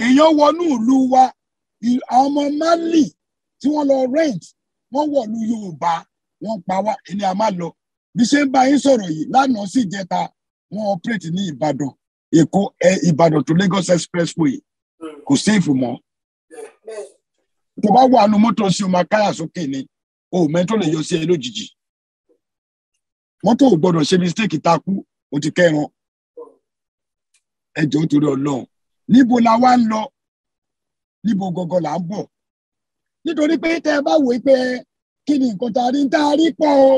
èèyàn wọnú ìlú wa àwọn ọmọ Mali tí wọ́n lọ rent wọ́n wọ̀lú Yorùbá wọ́n pa wá ilé a máa lọ bí ṣe ń bá yín sọ̀rọ̀ yìí lánàá sì jẹta wọ́n operate ní Ìbàdàn Èkó Ìbàdàn to Lagos expressway kò séèfù mọ́ tó bá wà nu mọ́tò sí o máa káyà sókè ni o ò mẹ́tò lè yọ sí ẹ lójijì mọ́tò ò gbọ́dọ̀ ṣe mistake takú o ti kẹ́ran ẹjọ́ torí Ọlọ́run níbo la wá ń lọ níbo gangan là ń bọ̀ nítorí pé tẹ́ ẹ bá wòó pé kí ni nǹkan tá a rí tá a rí pọ̀ o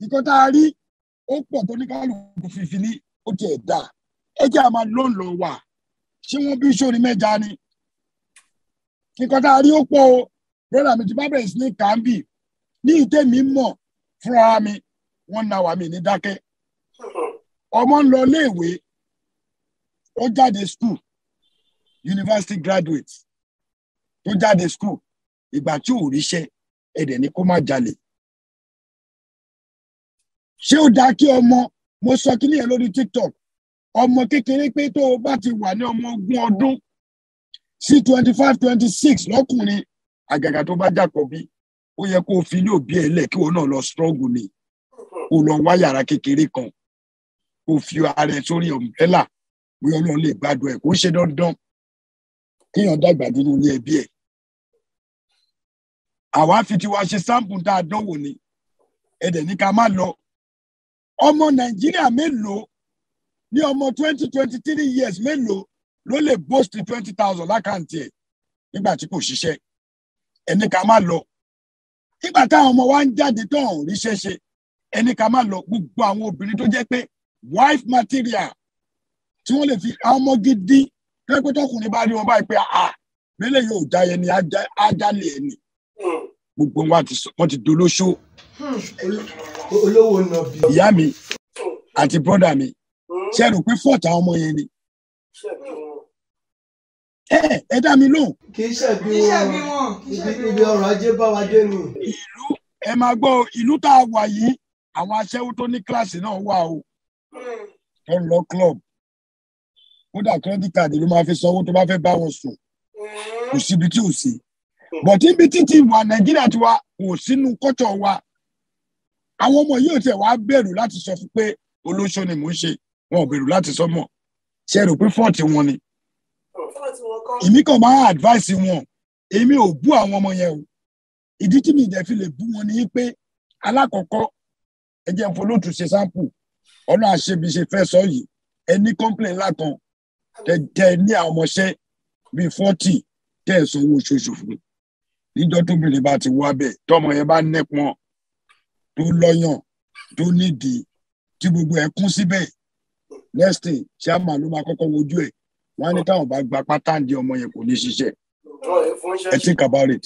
nǹkan tá a rí ó pọ̀ tó ní kálukú fífi ní ó tiẹ̀ dà ẹ jẹ́ àmà ló wà ṣé wọ́n bí sórí mẹ́ja ni nǹkan tá a rí ó pọ̀ o brọ́dà mi ti bá bẹ̀rẹ̀ sí ní kàmbì ní ìtẹ́ mi mọ̀ fúnra mi wọ́n na wà mí ní dákẹ́ ọmọ ń lọ iléèwé ó jáde school university graduate tó jáde school ìgbà tí ò ríṣẹ́ ẹ̀dẹ̀ ni kó má jalè. ṣé ó dáa kí ọmọ mo sọ kíní yẹn lórí tiktok ọmọ kékeré pé tó o bá ti wà ní ọmọ ogún ọdún sí twenty five twenty six lọ́kùnrin àgàgà tó bá jàpọ̀ bí ó yẹ kó o fi ilé òbí ẹ̀ lẹ̀ kí wọn náà lọ struggle ni kó o lọ wá yàrá kékeré kan kó o fi ara ẹ sórí ọ̀mbrẹ́là bóyá Ọlọ́run lè gbádùn ẹ̀ kó ń ṣe dandan kéèyàn dàgbà nínú ilé ẹbí ẹ̀. àwa fi tiwa ṣe sáǹpù tá a dánwò ni ẹ̀dẹ̀ ní ká má lọ. ọmọ Nàìjíríà mélòó ní ọmọ twenty twenty three years mélòó ló lè boast twenty thousand lákàntì ẹ̀ nígbà tí kò ṣiṣẹ́ ẹni ká má lọ. nígbà táwọn ọmọ wa ń jáde tán ò ríṣẹ́ ṣe ẹni ká má lọ gbogbo àwọn obìnrin tó jẹ́ pé wife material tí wọ́n lè fi àwọn ọmọ gidi kẹ́pẹ́ tọkùnrin bá rí wọn báyìí pé a ah, mẹ́lẹ̀ yóò já yẹn ni ajálẹ̀ ẹ̀ ni hmm. gbogbo wọn ti dolóṣó. Hmm. olówó nà bí. ìyá mi hmm. àti bọ́dà mi ṣe rò pé fọ́ọ̀tà ọmọ yẹn ni. ẹ ẹ dá mi lóhùn. kì í ṣẹ̀bi wọn ibi ọrọ̀ ajé bá wa dé nù. ìlú ẹ máa gbọ́ ìlú tá a wà yìí àwọn aṣẹ́wó tó ní kíláàsì náà wà o tó ń lọ club kódà credit card ló máa fi sanwó tó bá fẹ́ bá wọn sùn kò síbi tí ò sí but ibi títí wà nàìjíríà tiwa kò sínú kọ́tọ̀ wa àwọn ọmọ yìí ò tẹ̀ wá bẹ̀rù láti sọ fún pé olóṣó ni mò ń ṣe wọn ò bẹ̀rù láti sọ mọ̀ ṣe rò pé fọ́ọ̀tì wọn ni èmi kàn máa advice wọn èmi ò bú àwọn ọmọ yẹn o ìdí tí mi ìdẹ̀ fi lè bú wọn ni pé alákọ̀ọ́kọ́ ẹ jẹ́ n folótù ṣe sample ọ̀nà àṣebi ṣe fẹ́ sọ yìí ẹ ní complain ńlá kan tẹ ní àwọn ọmọọṣẹ́ bíi forty tẹ ẹ sanwó oṣooṣù fún níjọ́ tóbìnrin bá ti wá bẹ̀ tọmọ yẹn bá nẹpọn tó lọ́yàn tó nídìí tí gbogbo ẹ̀ kún síbẹ̀ next thing chairman ló máa kọ́kọ́ wojú ẹ̀ wọ́n á ní táwọn bá gba pátánì ọmọ yẹn kò ní ṣiṣẹ́ ẹ think about it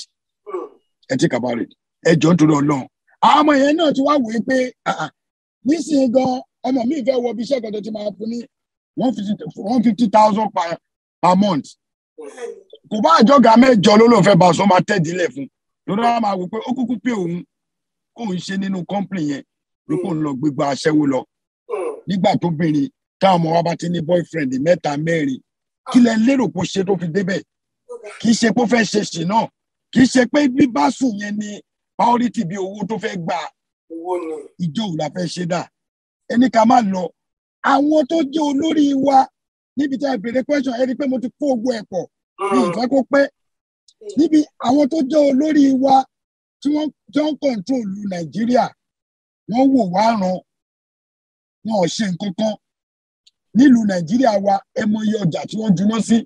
ẹ think about it ẹ jọ nítorí Ọlọ́run àwọn ọmọ yẹn náà ti wá wòye pé ah, ah, nísìnyí gan ọmọ mi fẹ́ wọ bí iṣẹ́ kan tó ti máa fún ní one fifty one fifty thousand per per month kò bá àjọgà mẹ́jọ ló lóun fẹ́ bá sọ máa tẹ̀dí lẹ̀ fún lórí àwọn máa wò pé ó kúkú pé òun òun ṣe nínú kọ́ńpìlì yẹn ló kò ń lọ gbégbá aṣẹ́wó lọ nígbà tó bìnrin táwọn ọmọ wa bá ti ní boyfriend mẹ́ta mẹ́rin kí lẹ lérò kó ṣe tó fi débẹ̀ kì í ṣe pé fẹ́ ṣe ṣì náà kì í ṣe pé bíbá sùn yẹn ni priority bí owó tó fẹ́ gbà ìjọ òun la fẹ́ ṣe dà ẹni ká má lọ àwọn tó jẹ́ olórí wa níbi tí a béèrè question ẹni pé mo ti kó ogun ẹ̀ pọ̀ ní hmm. ìfẹ́ kó pẹ́ níbi àwọn tó jẹ́ olórí wa tí wọ́n jọ ń kọ̀ǹtrólù nàìjíríà wọ́n wò wá ràn wọn ò ṣe nǹkan kan nílùú nàìjíríà wa ẹ mọ iye ọjà tí wọ́n juná sí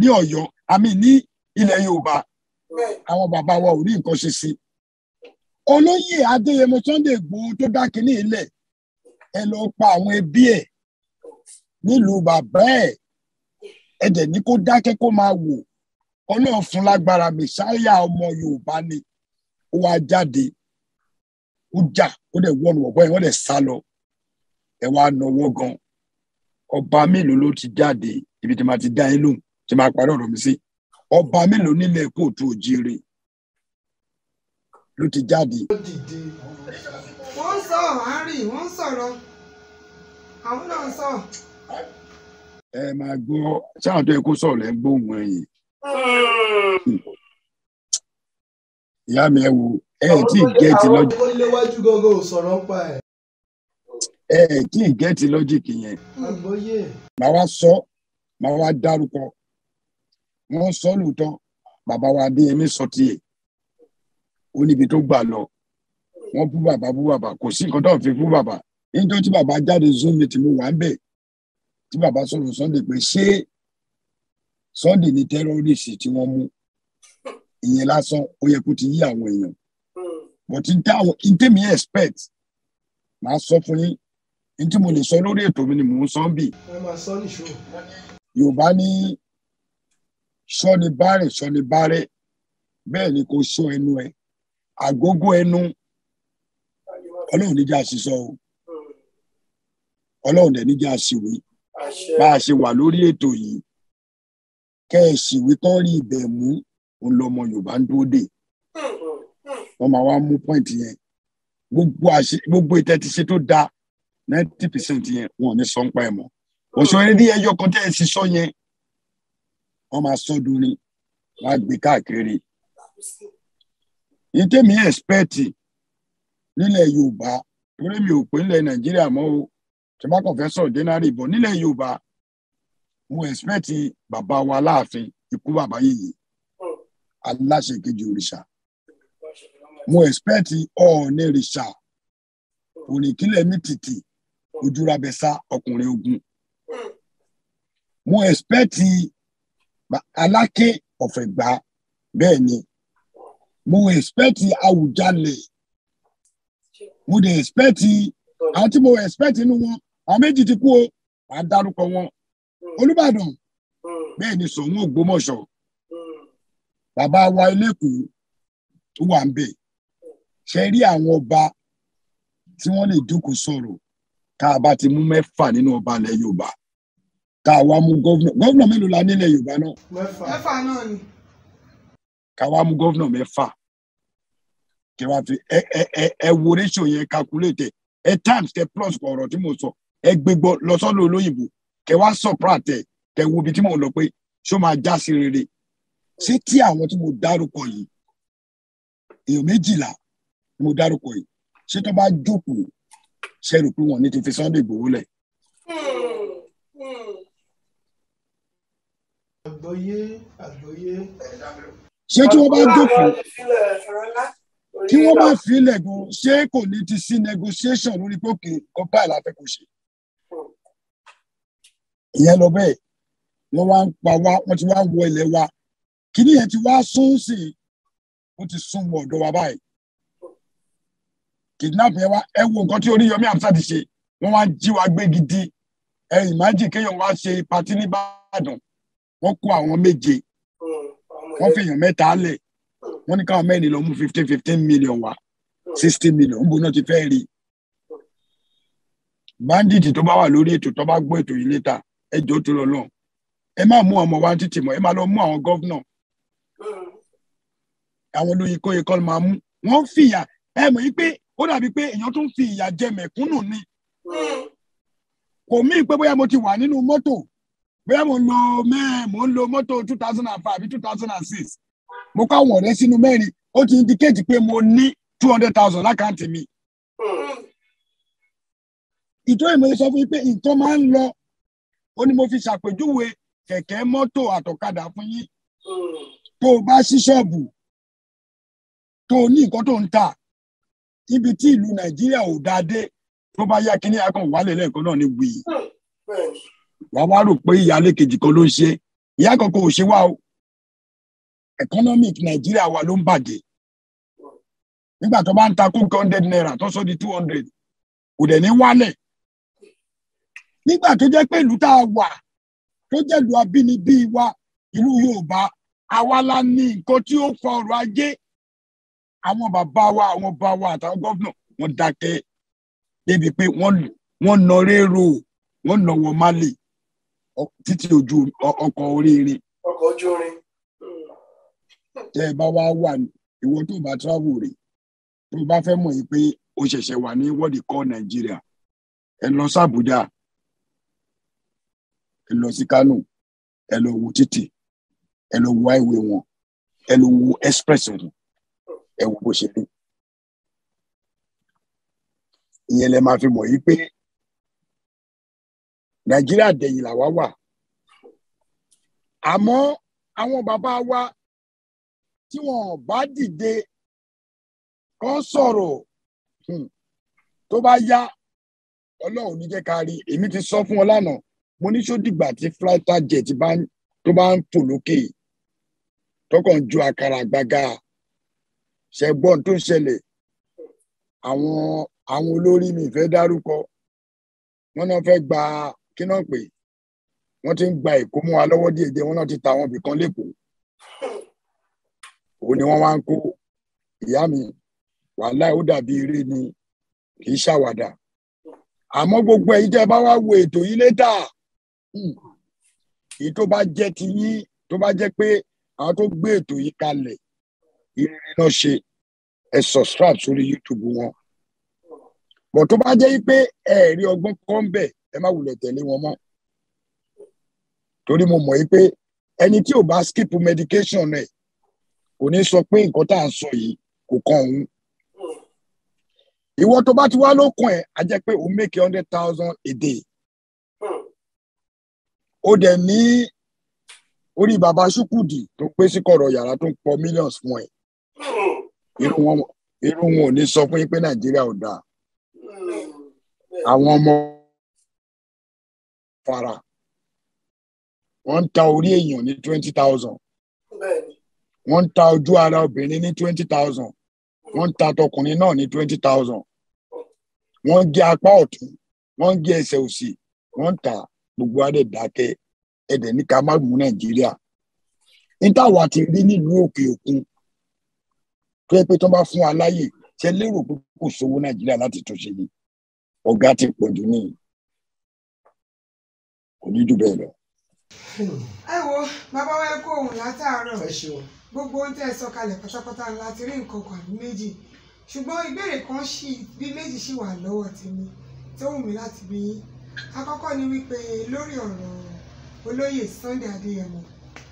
ní ọ̀yọ́ àmì ní ilẹ̀ yorùbá àwọn bàbá wa ò rí nǹkan ṣe sí olóyè adéyẹmọ sunday igbòho tó dá kínní ilẹ̀ ẹ lọ pa àwọn ẹbí ẹ̀ nílùú bàbá ẹ̀ ẹ̀dẹ̀ ní kó dákẹ́ kó máa wò ọlọ́run fún lágbára mẹ̀sáyà ọmọ yorùbá ni ó wá jáde ó jà ó dẹ̀ wọ́n wọ̀gbọ́n ẹ̀ wọ́n dẹ̀ sá lọ ẹ̀ wá nọwọ́ gan ọba mélòó ló ti jáde ibi tí màá ti dá yín lóhùn tí màá parí ọ̀rọ̀ mi sí ọba mélòó nílẹ̀ kóòtù òjìire ló ti jáde. wọ́n ń sọ àárín wọ́n ń sọ̀rọ̀ àwọn náà ń sọ ẹ máa gbọ́ sáà tó yẹ kó sọ̀rọ̀ lẹ́ ń gbóhùn ẹ̀yìn. ìyá mi ẹ wo ẹ tí ì gẹ́ẹ̀tì lọ́jọ́. ó léwájú gangan ò sọ̀rọ̀ ń pa ẹ̀. ẹ tí ì gẹ́ẹ̀tì lọ́jìkì yẹn. màá wá sọ màá wá dárúkọ wọ́n sọ lóòótọ́ bàbá wa Adéyẹmí sọ tiẹ̀ ó níbi tó gbà lọ wọ́n bú bàbá bú bàbá kò sí nǹkan tó fi bú bàbá nítorí tí bàbá jáde zoom meeting mo wà ń bẹ̀ tí bàbá sọ̀rọ̀ Sunday pé ṣé Sunday ni terrorist tí wọ́n mú ìyẹn lásán ó yẹ kó ti yí àwọn èèyàn but n táwọn n tèmi expect màá sọ fún yín n tí mo lè sọ lórí ètò mi ni mò ń sọ ń bì. Yorùbá ní sọ́ni bárẹ̀ sọ́ni bárẹ̀ bẹ́ẹ̀ ni kò sọ ẹnu ẹ àgógó ẹnu ọlọ́run níjà sísọ o ọlọ́run dẹ̀ níjà síwèé bá a ṣe wà lórí ètò yìí kẹ́ ẹ̀ sì wí tán rí ibẹ̀ mú òun lọmọ Yorùbá ń dúró dè wọ́n máa wá mú pọ́ìntì yẹn gbogbo àṣe gbogbo ìtẹ́tíṣe tó da ninety percent yẹn wọn ò ní sọ ń pa ẹ̀ mọ́ òṣèré ní ẹyọ kan tẹ́ ẹ̀ sì sọ yẹn wọ́n máa sọ dunni wọ́n á gbé káàkiri ní tèmi ẹ̀spẹ́ẹ̀tì nílẹ̀ Yorùbá torí mi ò pé nílẹ̀ Nàìjíríà mọ́ o tí má kàn fẹ́ sọ̀rọ̀ dénárì bọ̀ nílẹ̀ yorùbá mo expect bàbá wa láàfin ikú bàbá yèyé aláṣẹ kejì òrìṣà mo expect ọ̀ọ́nì òrìṣà òrìkílẹ̀ mi tìtì ojúrabẹ́sá ọkùnrin ogun mo expect aláké ọ̀fẹ́ gbà bẹ́ẹ̀ ni mo expect àwùjalè mo dey expect àwọn mo expect inú wọn àwọn méjì ti kú o wàá dárúkọ wọn hmm. olùbàdàn hmm. bẹ́ẹ̀ ni sòun ògbómọ̀ṣọ́ hmm. bàbá wa elékùú tó wà ń bẹ̀ ṣe rí àwọn ọba tí wọ́n lè dúkù sọ̀rọ̀ tá a bá ti mú mẹ́fà nínú ọba ilẹ̀ yorùbá tá a wá mú gọ́vnà gọ́vnà mélòó la nílẹ̀ yorùbá náà. mẹ́fà náà ni. ká wá mú gọ́vnà mẹ́fà kí wàá fi ẹ ẹ ẹ wo ratio yẹn calculate ẹ times ẹ plus ọ̀rọ̀ tí mo sọ. So ẹ gbégbọ́ lọ sọ́dọ̀ olóyìnbó kẹ wá sọ̀pọ̀ àtẹ kẹ wo ibi tí mò ń lọ pé ṣó máa já sí rere ṣé tí àwọn tí mo dárúkọ yìí èèyàn méjìlá ni mo dárúkọ yìí ṣé tó bá jókòó ṣe rò pé wọn ní ti fi Sunday Igboho lẹ̀. àgbọ́yé àgbọ́yé. ṣé tí wọ́n bá jókòó tí wọ́n bá filẹ̀ gan ṣé kò ní ti sí negotiation lórí pé òkè kọ́pá àlàfẹ́ kò ṣe ìyẹn lọ bẹ́ẹ̀ wọ́n wá ń pa wá wọ́n ti wá wọ ilẹ̀ wa kíní yẹn ti wá sún sí i ó ti sún wọ ọ̀dọ̀ wa báyìí kidnap yẹn wá ẹ wo nǹkan tí oníyọmí àmúṣà ti ṣe wọ́n wá jí wa gbé gidi ẹ ìmájì kéèyàn wá ṣe patí nìbàdàn wọ́n kó àwọn méje wọ́n fi èèyàn mẹ́ta lẹ̀ wọ́n ní káwọn mẹ́rin lọ mú fifteen fifteen million wa, sixty million ń bo náà ti fẹ́ rí bandit tó bá wà lórí ètò tó bá gbọ́ ètò yìí létà ẹjọ́ tó lọ lọ ẹ má mú ọmọ wa títì mọ́ ẹ lọ mú àwọn gọ́vnọ̀ Awọn olóyin kóye kọ́ máa mú wọ́n fìyà ẹ mọ̀ yí pé ó dàbí pé èèyàn tó ń fi ìyà jẹ mẹ̀kúnnù ni kò mí pé bóyá mo ti wà nínú mọ́tò bóyá mo ń lo mẹ́ẹ̀ mo ń lo mọ́tò two thousand and five àbí two thousand and six mo kọ́ àwọn ọ̀rẹ́ sínú mẹ́rin ó ti indicate pé mo ní two hundred thousand lákàntì mi. Hmm. ìjọ ìmọ̀ yìí sọ fún mi pé nǹkan máa ń lọ ó ní mo fi ṣàpèjúwe kẹ̀kẹ́ mọ́tò àtọ̀kadà fún yín tó o bá ṣí ṣọ́ọ̀bù tó o ní nǹkan tó ń tà ibi tí ìlú nàìjíríà ò dáa dé tó bá yá kínní akàn wálẹ̀ lẹ́ẹ̀kan náà ní wuyì wà wá rò pé ìyáálé kejì kan ló ń ṣe ìyá kankan ò ṣe wá o economic nàìjíríà wa ló ń bàjẹ́ nígbà tó bá ń ta kókè hundred naira tó sọ di two hundred kò dẹ̀ ní wálẹ̀ nígbà tó jẹ́ pé ìlú tá a wà tó jẹ́ ìlú abínibí wa ìlú Yorùbá àwa la ní nǹkan tí ó fa ọrọ̀ ajé àwọn bàbá wa àwọn bá wa àtàwọn gọ́vnà wọ́n dákẹ́ débi pé wọ́n nà rérò wọ́n nà wọ́n má lè títí ojú ọkọ̀ orí irin. ọkọ̀ ojú irin. tẹ ẹ bá wá wà ìwọ tó bá travel rè tó bá fẹ́ mọ̀ yìí pé o ṣẹ̀ṣẹ̀ wà ní wọ́ọ̀dì kọ́ Nàìjíríà ẹ lọ sí Àbújá ẹ lọ sí Kánò ẹ lọ wo títì ẹ lọ wo highway wọn ẹ lọ wo express wọn ẹ wo bó ṣe rí ìyẹn lẹ máa fi mọ̀ yí pé Nàìjíríà dẹ̀yìn làwa wà àmọ́ àwọn bàbá wa tí wọn bá dìde kan sọ̀rọ̀ hmm, tó bá yá Ọlọ́run ní jẹ́ ká rí èmi ti sọ fún ọ lánàá mo ní ṣó dìgbà tí fighter jet bá tó bá ń fò lókè tọkàn ju àkàrà àgbàgà ṣẹgbọn tó ń ṣẹlẹ̀ àwọn àwọn olórí mi fẹ́ dárúkọ wọn náà fẹ́ gba kí náà pè wọn ti ń gba èkó mọ́ wa lọ́wọ́ díẹ̀ díẹ̀ wọn náà ti ta àwọn ibìkan lẹ́kọ̀ọ́ òun ni wọn wá ń kó ìyá mi wàhálà ó dàbí eré ni kì í ṣàwàdà àmọ́ gbogbo ẹ̀yin tẹ́ bá wá wo ètò yìí létà èyí tó bá jẹ́ ti yín tó bá jẹ́ pé àwọn tó gbé ètò yìí kalẹ̀ ìrírí náà ṣe ẹ subscribe sórí YouTube wọn bọ̀ tó bá jẹ́ pé ẹ rí ọgbọ́n kan bẹ̀ ẹ má wulẹ̀ tẹ̀lé wọn mọ́ torí mo mọ̀ pé ẹni tí ò bá skip medication rẹ̀ kò ní sọ pé nǹkan tá à ń sọ yìí kò kàn òun ìwọ tó bá ti wá lókun ẹ a jẹ́ pé òun make hundred thousand a day ó dẹ̀ ní orí bàbá Ṣúkùdì tó pé sí kọ̀rọ̀ yàrá tó ń pọ millions fún ẹ̀ irú wọn ò ní sọ fún yín pé Nàìjíríà ò dáa àwọn ọmọ fara wọ́n ń ta orí èèyàn ní twenty thousand wọ́n ń ta ojú ara obìnrin ní twenty thousand wọ́n ń ta tọkùnrin náà ní twenty thousand wọ́n ń gé apá ọ̀tún wọ́n ń gé ẹsẹ̀ òsì wọ́n ń tà á gbogbo wa dẹ̀ dákẹ́ ẹ̀dẹ̀ ní ká má mú nàìjíríà ní táwa ti rí nílùú òkè òkun tó yẹ pé tó bá fún wa láyè ṣe lérò pé kò sówó nàìjíríà láti tún ṣe ni ọ̀gá ti pọ̀ jù ní kò ní jù bẹ́ẹ̀ lọ. ẹ wo bàbá wa kó ohun látàárọ̀ gbogbo ohun tẹ́ ẹ sọ kalẹ̀ pátápátá láti rí nǹkan kan méjì ṣùgbọ́n ìbéèrè kan ṣì bí méjì ṣì wà lọ́wọ́ tèmi tó wù mí láti bí yín àkọ́kọ́ ni wípé lórí ọ̀rọ̀ olóyè Sunday Adéyẹmọ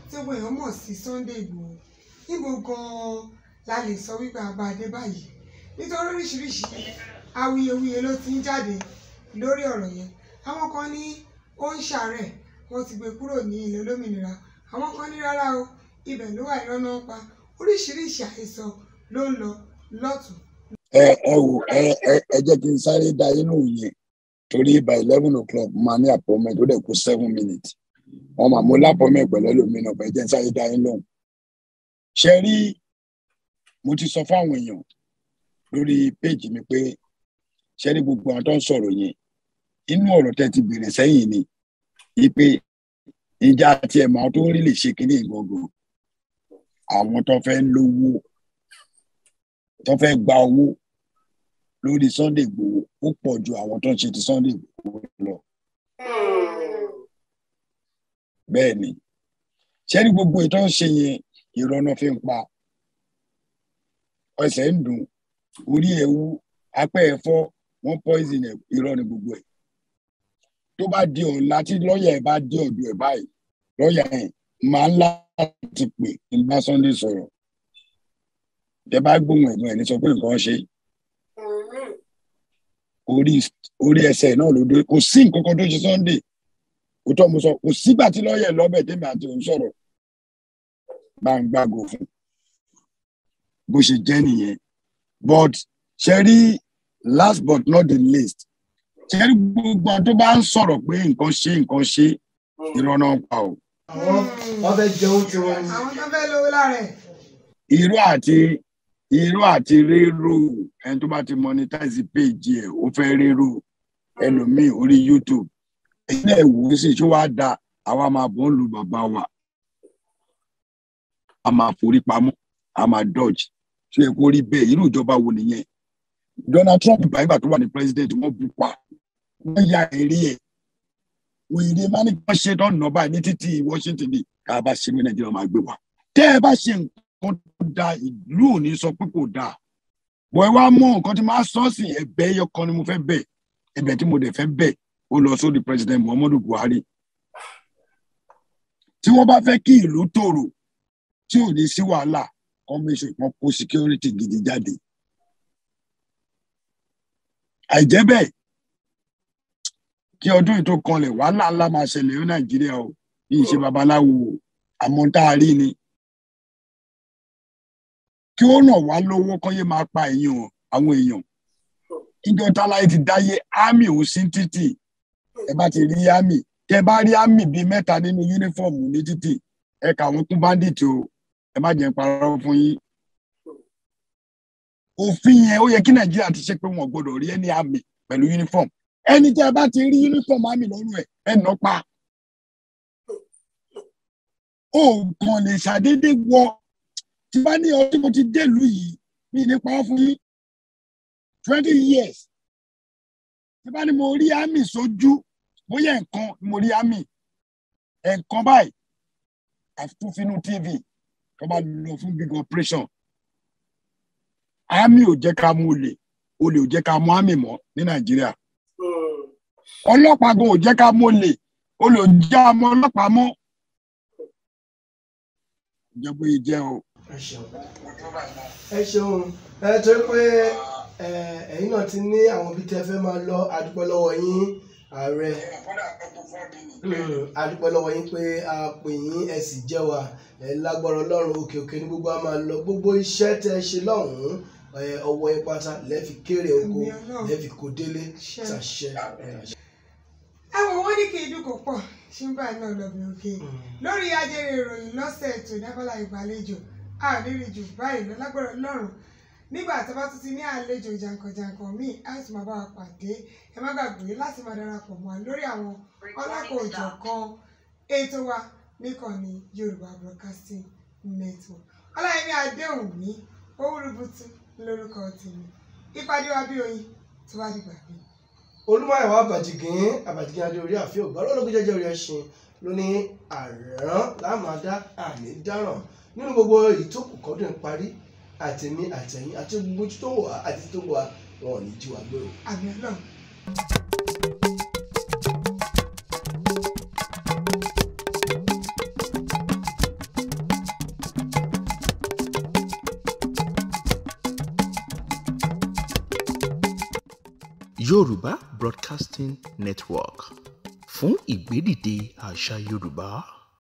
tí wọ́n èèyàn mọ̀ sí Sunday Ìgbòho níbo gan-an la lè sọ wípé àbá adé báyìí nítorí oríṣiríṣi awuyewuye ló ti ń jáde lórí ọ̀rọ̀ yẹn àwọn kan ní ó ń ṣàárẹ̀ wọ́n ti gbé kúrò ní ilẹ̀ olómìnira àwọn kan ní rárá o ibẹ̀ ló wà ìrọ́nà pa oríṣiríṣi àhesọ ló ń lọ lọ́tún. ẹ ẹ wò ẹ ẹ jẹ́ kí n sáré da inú yẹn torí by eleven o'clock máa ní appointment ó dẹ̀ kú seven minutes wọn máa mú lápọ̀mẹ́ pẹ̀lú ẹlòmínà ọ̀bẹ jẹ́ sáyé dáhìn lóhùn ṣe rí mo ti sọ fáwọn èèyàn lórí péèjì mi pé ṣe rí gbogbo àwọn tó ń sọ̀rọ̀ yẹn inú ọ̀rọ̀ tẹ́ ti bèrè sẹ́yìn ni ipe ìjà àti ẹ̀mọ́ tó ń rí lè ṣe kínní ìgbọ̀ngàn àwọn tó fẹ́ lówó tó fẹ́ gba owó lórí Sunday Igboho ó pọ̀ ju àwọn tó ń ṣe ti Sunday Igboho lọ. bẹ́ẹ̀ ni ṣẹ́ni gbogbo ìtọ́ ń ṣe yẹn ìrọ̀nà fi ń pa ẹsẹ̀ ń dùn orí ẹ̀ wú apẹ́ ẹ̀ fọ́ wọ́n poison ẹ̀ irọ́ ni gbogbo ẹ̀. tó bá di ọ̀la tí lọ́ọ̀yà ẹ̀ bá dé ọ̀dọ̀ ẹ̀ báyìí lọ́ọ̀yà ẹ̀ máa ń láti pè ní bá Sunday sọ̀rọ̀ tẹ bá gbóhùn ẹ̀gbọ́n ẹ̀ ní sọ pé nǹkan ṣe é orí ẹsẹ̀ náà ló dé kò sí nǹkan kan tó ṣe Sunday kò tọ́ mo sọ kò sígbà tí lọ́ọ̀yẹ̀ lọ́bẹ̀ tèmi àti òun sọ̀rọ̀ bá ń fún bó ṣe jẹ́ nìyẹn but ṣe last but not the least ṣe rí gbogbo tó bá ń sọ̀rọ̀ pé nǹkan ṣe nǹkan ṣe irọ́ pa o. àwọn ọbẹ̀ jẹun tiwọn. àwọn tó fẹ́ lówó lára irú àti irú àti rírú ẹni tó bá ti monetize page ẹ ó fẹ́ rírú ẹlòmíì orí youtube ẹni ẹ wò ó sì ṣó wàá da àwa máa bọ́ lu bàbá wa a máa forí pamọ́ a máa dodge ṣé ẹ kó rí bẹ́ẹ̀ irú ìjọba wo nìyẹn Donald Trump ìgbà tó wà ní president wọ́n bu pa wọ́n ya eré ẹ̀ òyìnbó máa ní kí wọ́n ṣe dọ́nà báyìí ní títí Washington ní ká bá ṣe ní Nàìjíríà máa gbé wa tẹ́ ẹ bá ṣe nǹkan nǹkan da ìlú ò ní sọ pé kò da bọ̀ ẹ wá mọ nǹkan tí máa sọ sí ẹ̀bẹ̀ ẹyọ kan ni mo fẹ́ bẹ̀ ẹ̀bẹ̀ tí mo dẹ̀ fẹ́ bẹ̀ ó lọ sórí president Muhammadu Buhari tí wọ́n bá fẹ́ kí ìlú tòrò tí ò ní sí wàhálà kọ́míṣọ̀ ìpọ́n kó security gidi jáde àìjẹ́ bẹ́ẹ̀ kí ọdún yìí tó kanlẹ̀ wàhálà ńlá máa ṣẹlẹ̀ ní Nàìjíríà o kì í ṣe babaláwo àmọ́ tá a rí ni kí ó ràn wá lówó kán yé máa pa èèyàn àwọn èèyàn ìjọ táláyé ti dáyé ámì òun sí títì ẹ bá ti rí ámì tẹ bá rí ámì bíi mẹ́ta nínú yúnífọ̀mù ní títì ẹ kà wọn kún báńdíìtì o ẹ má jẹ́ parọ́ fún yín òfin yẹn ó yẹ kí nàìjíríà ti ṣe pé wọn gbọ́dọ̀ rí ẹni àmì pẹ̀lú uniform ẹni tí a bá ti rí uniform àmì lọ́rùn ẹ̀ ẹ̀ nà pa. ó kàn lè ṣàdédé wọ tí bá ní ọdún mo ti dèlú yìí mi ní pa fún yín twenty years tí bá ní mo rí àmì sójú bóyá ẹ̀ẹ̀kan ni mo rí àmì ẹ̀ẹ̀kan báyìí àtúnfinú tv tó bá lọ fún big operation àmì ò jẹ́ ká mú olè olè ò jẹ́ ká mú àmì mọ́ ní nàìjíríà ọlọ́pàá gan ò jẹ́ ká mú olè olè ò jẹ́ àmọ́ ọlọ́pàá mọ́ ìjọba yìí jẹ́ o ẹ ṣeun ẹ ṣeun ẹ torí pé ẹ̀yin náà ti ní àwọn ibi tẹ́ fẹ́ máa lọ àdúpẹ́ lọ́wọ́ yín ààrẹ àdúpẹ́ hmm, lọ́wọ́ yín pé a pè yín ẹ sì jẹ́ wa ẹ lágbára ọlọ́run òkè òkè ní gbogbo a máa lọ gbogbo iṣẹ́ tẹ́ ṣe lọ́hùn-ún ọwọ́ ẹ pátá lẹ́ẹ̀fi kéré oko lẹ́ẹ̀fi kó délé ṣàṣẹ. àwọn owó ní kí n dúnkò pọ̀ ṣé ń bá iná ọlọ́bìnrin òkè hmm. lórí ajẹ́rẹ́ ìròyìn lọ́sẹ̀ ètò ìdábọ́lá ìgbàlejò àrírí jù báyìí lọ lágbára Ọlọ́run nígbà tí a bá tún ti ní àlejò jàǹkànjàǹkàn míì á sì máa bá wa pàdé ẹ má gbàgbé láti máa darapọ̀ mọ́ lórí àwọn ọlákòòjọ̀kan ètò wa níkànnì Yorùbá Broadcasting Network Ọláyẹmí Adéwùnmí Owurubutu lórúkọ tèmi ìpàdé wa bí oyin tó bá dìgbà bí. Olúmáyọ̀wá àbàjìgín àbàjìgín adé orí àfihàn ògbà ológun jẹjẹrẹ ẹṣin ló ní àrán láàmú adá àní dáràn nínú gbogbo ìtókù kọ́dún parí àtẹ̀mí àtẹ̀yìn àti gbogbo tó wà àti tó wà wọn ò ní jí wa gbé o. Yorùbá Broadcasting Network fún ìgbédìde àṣà Yorùbá.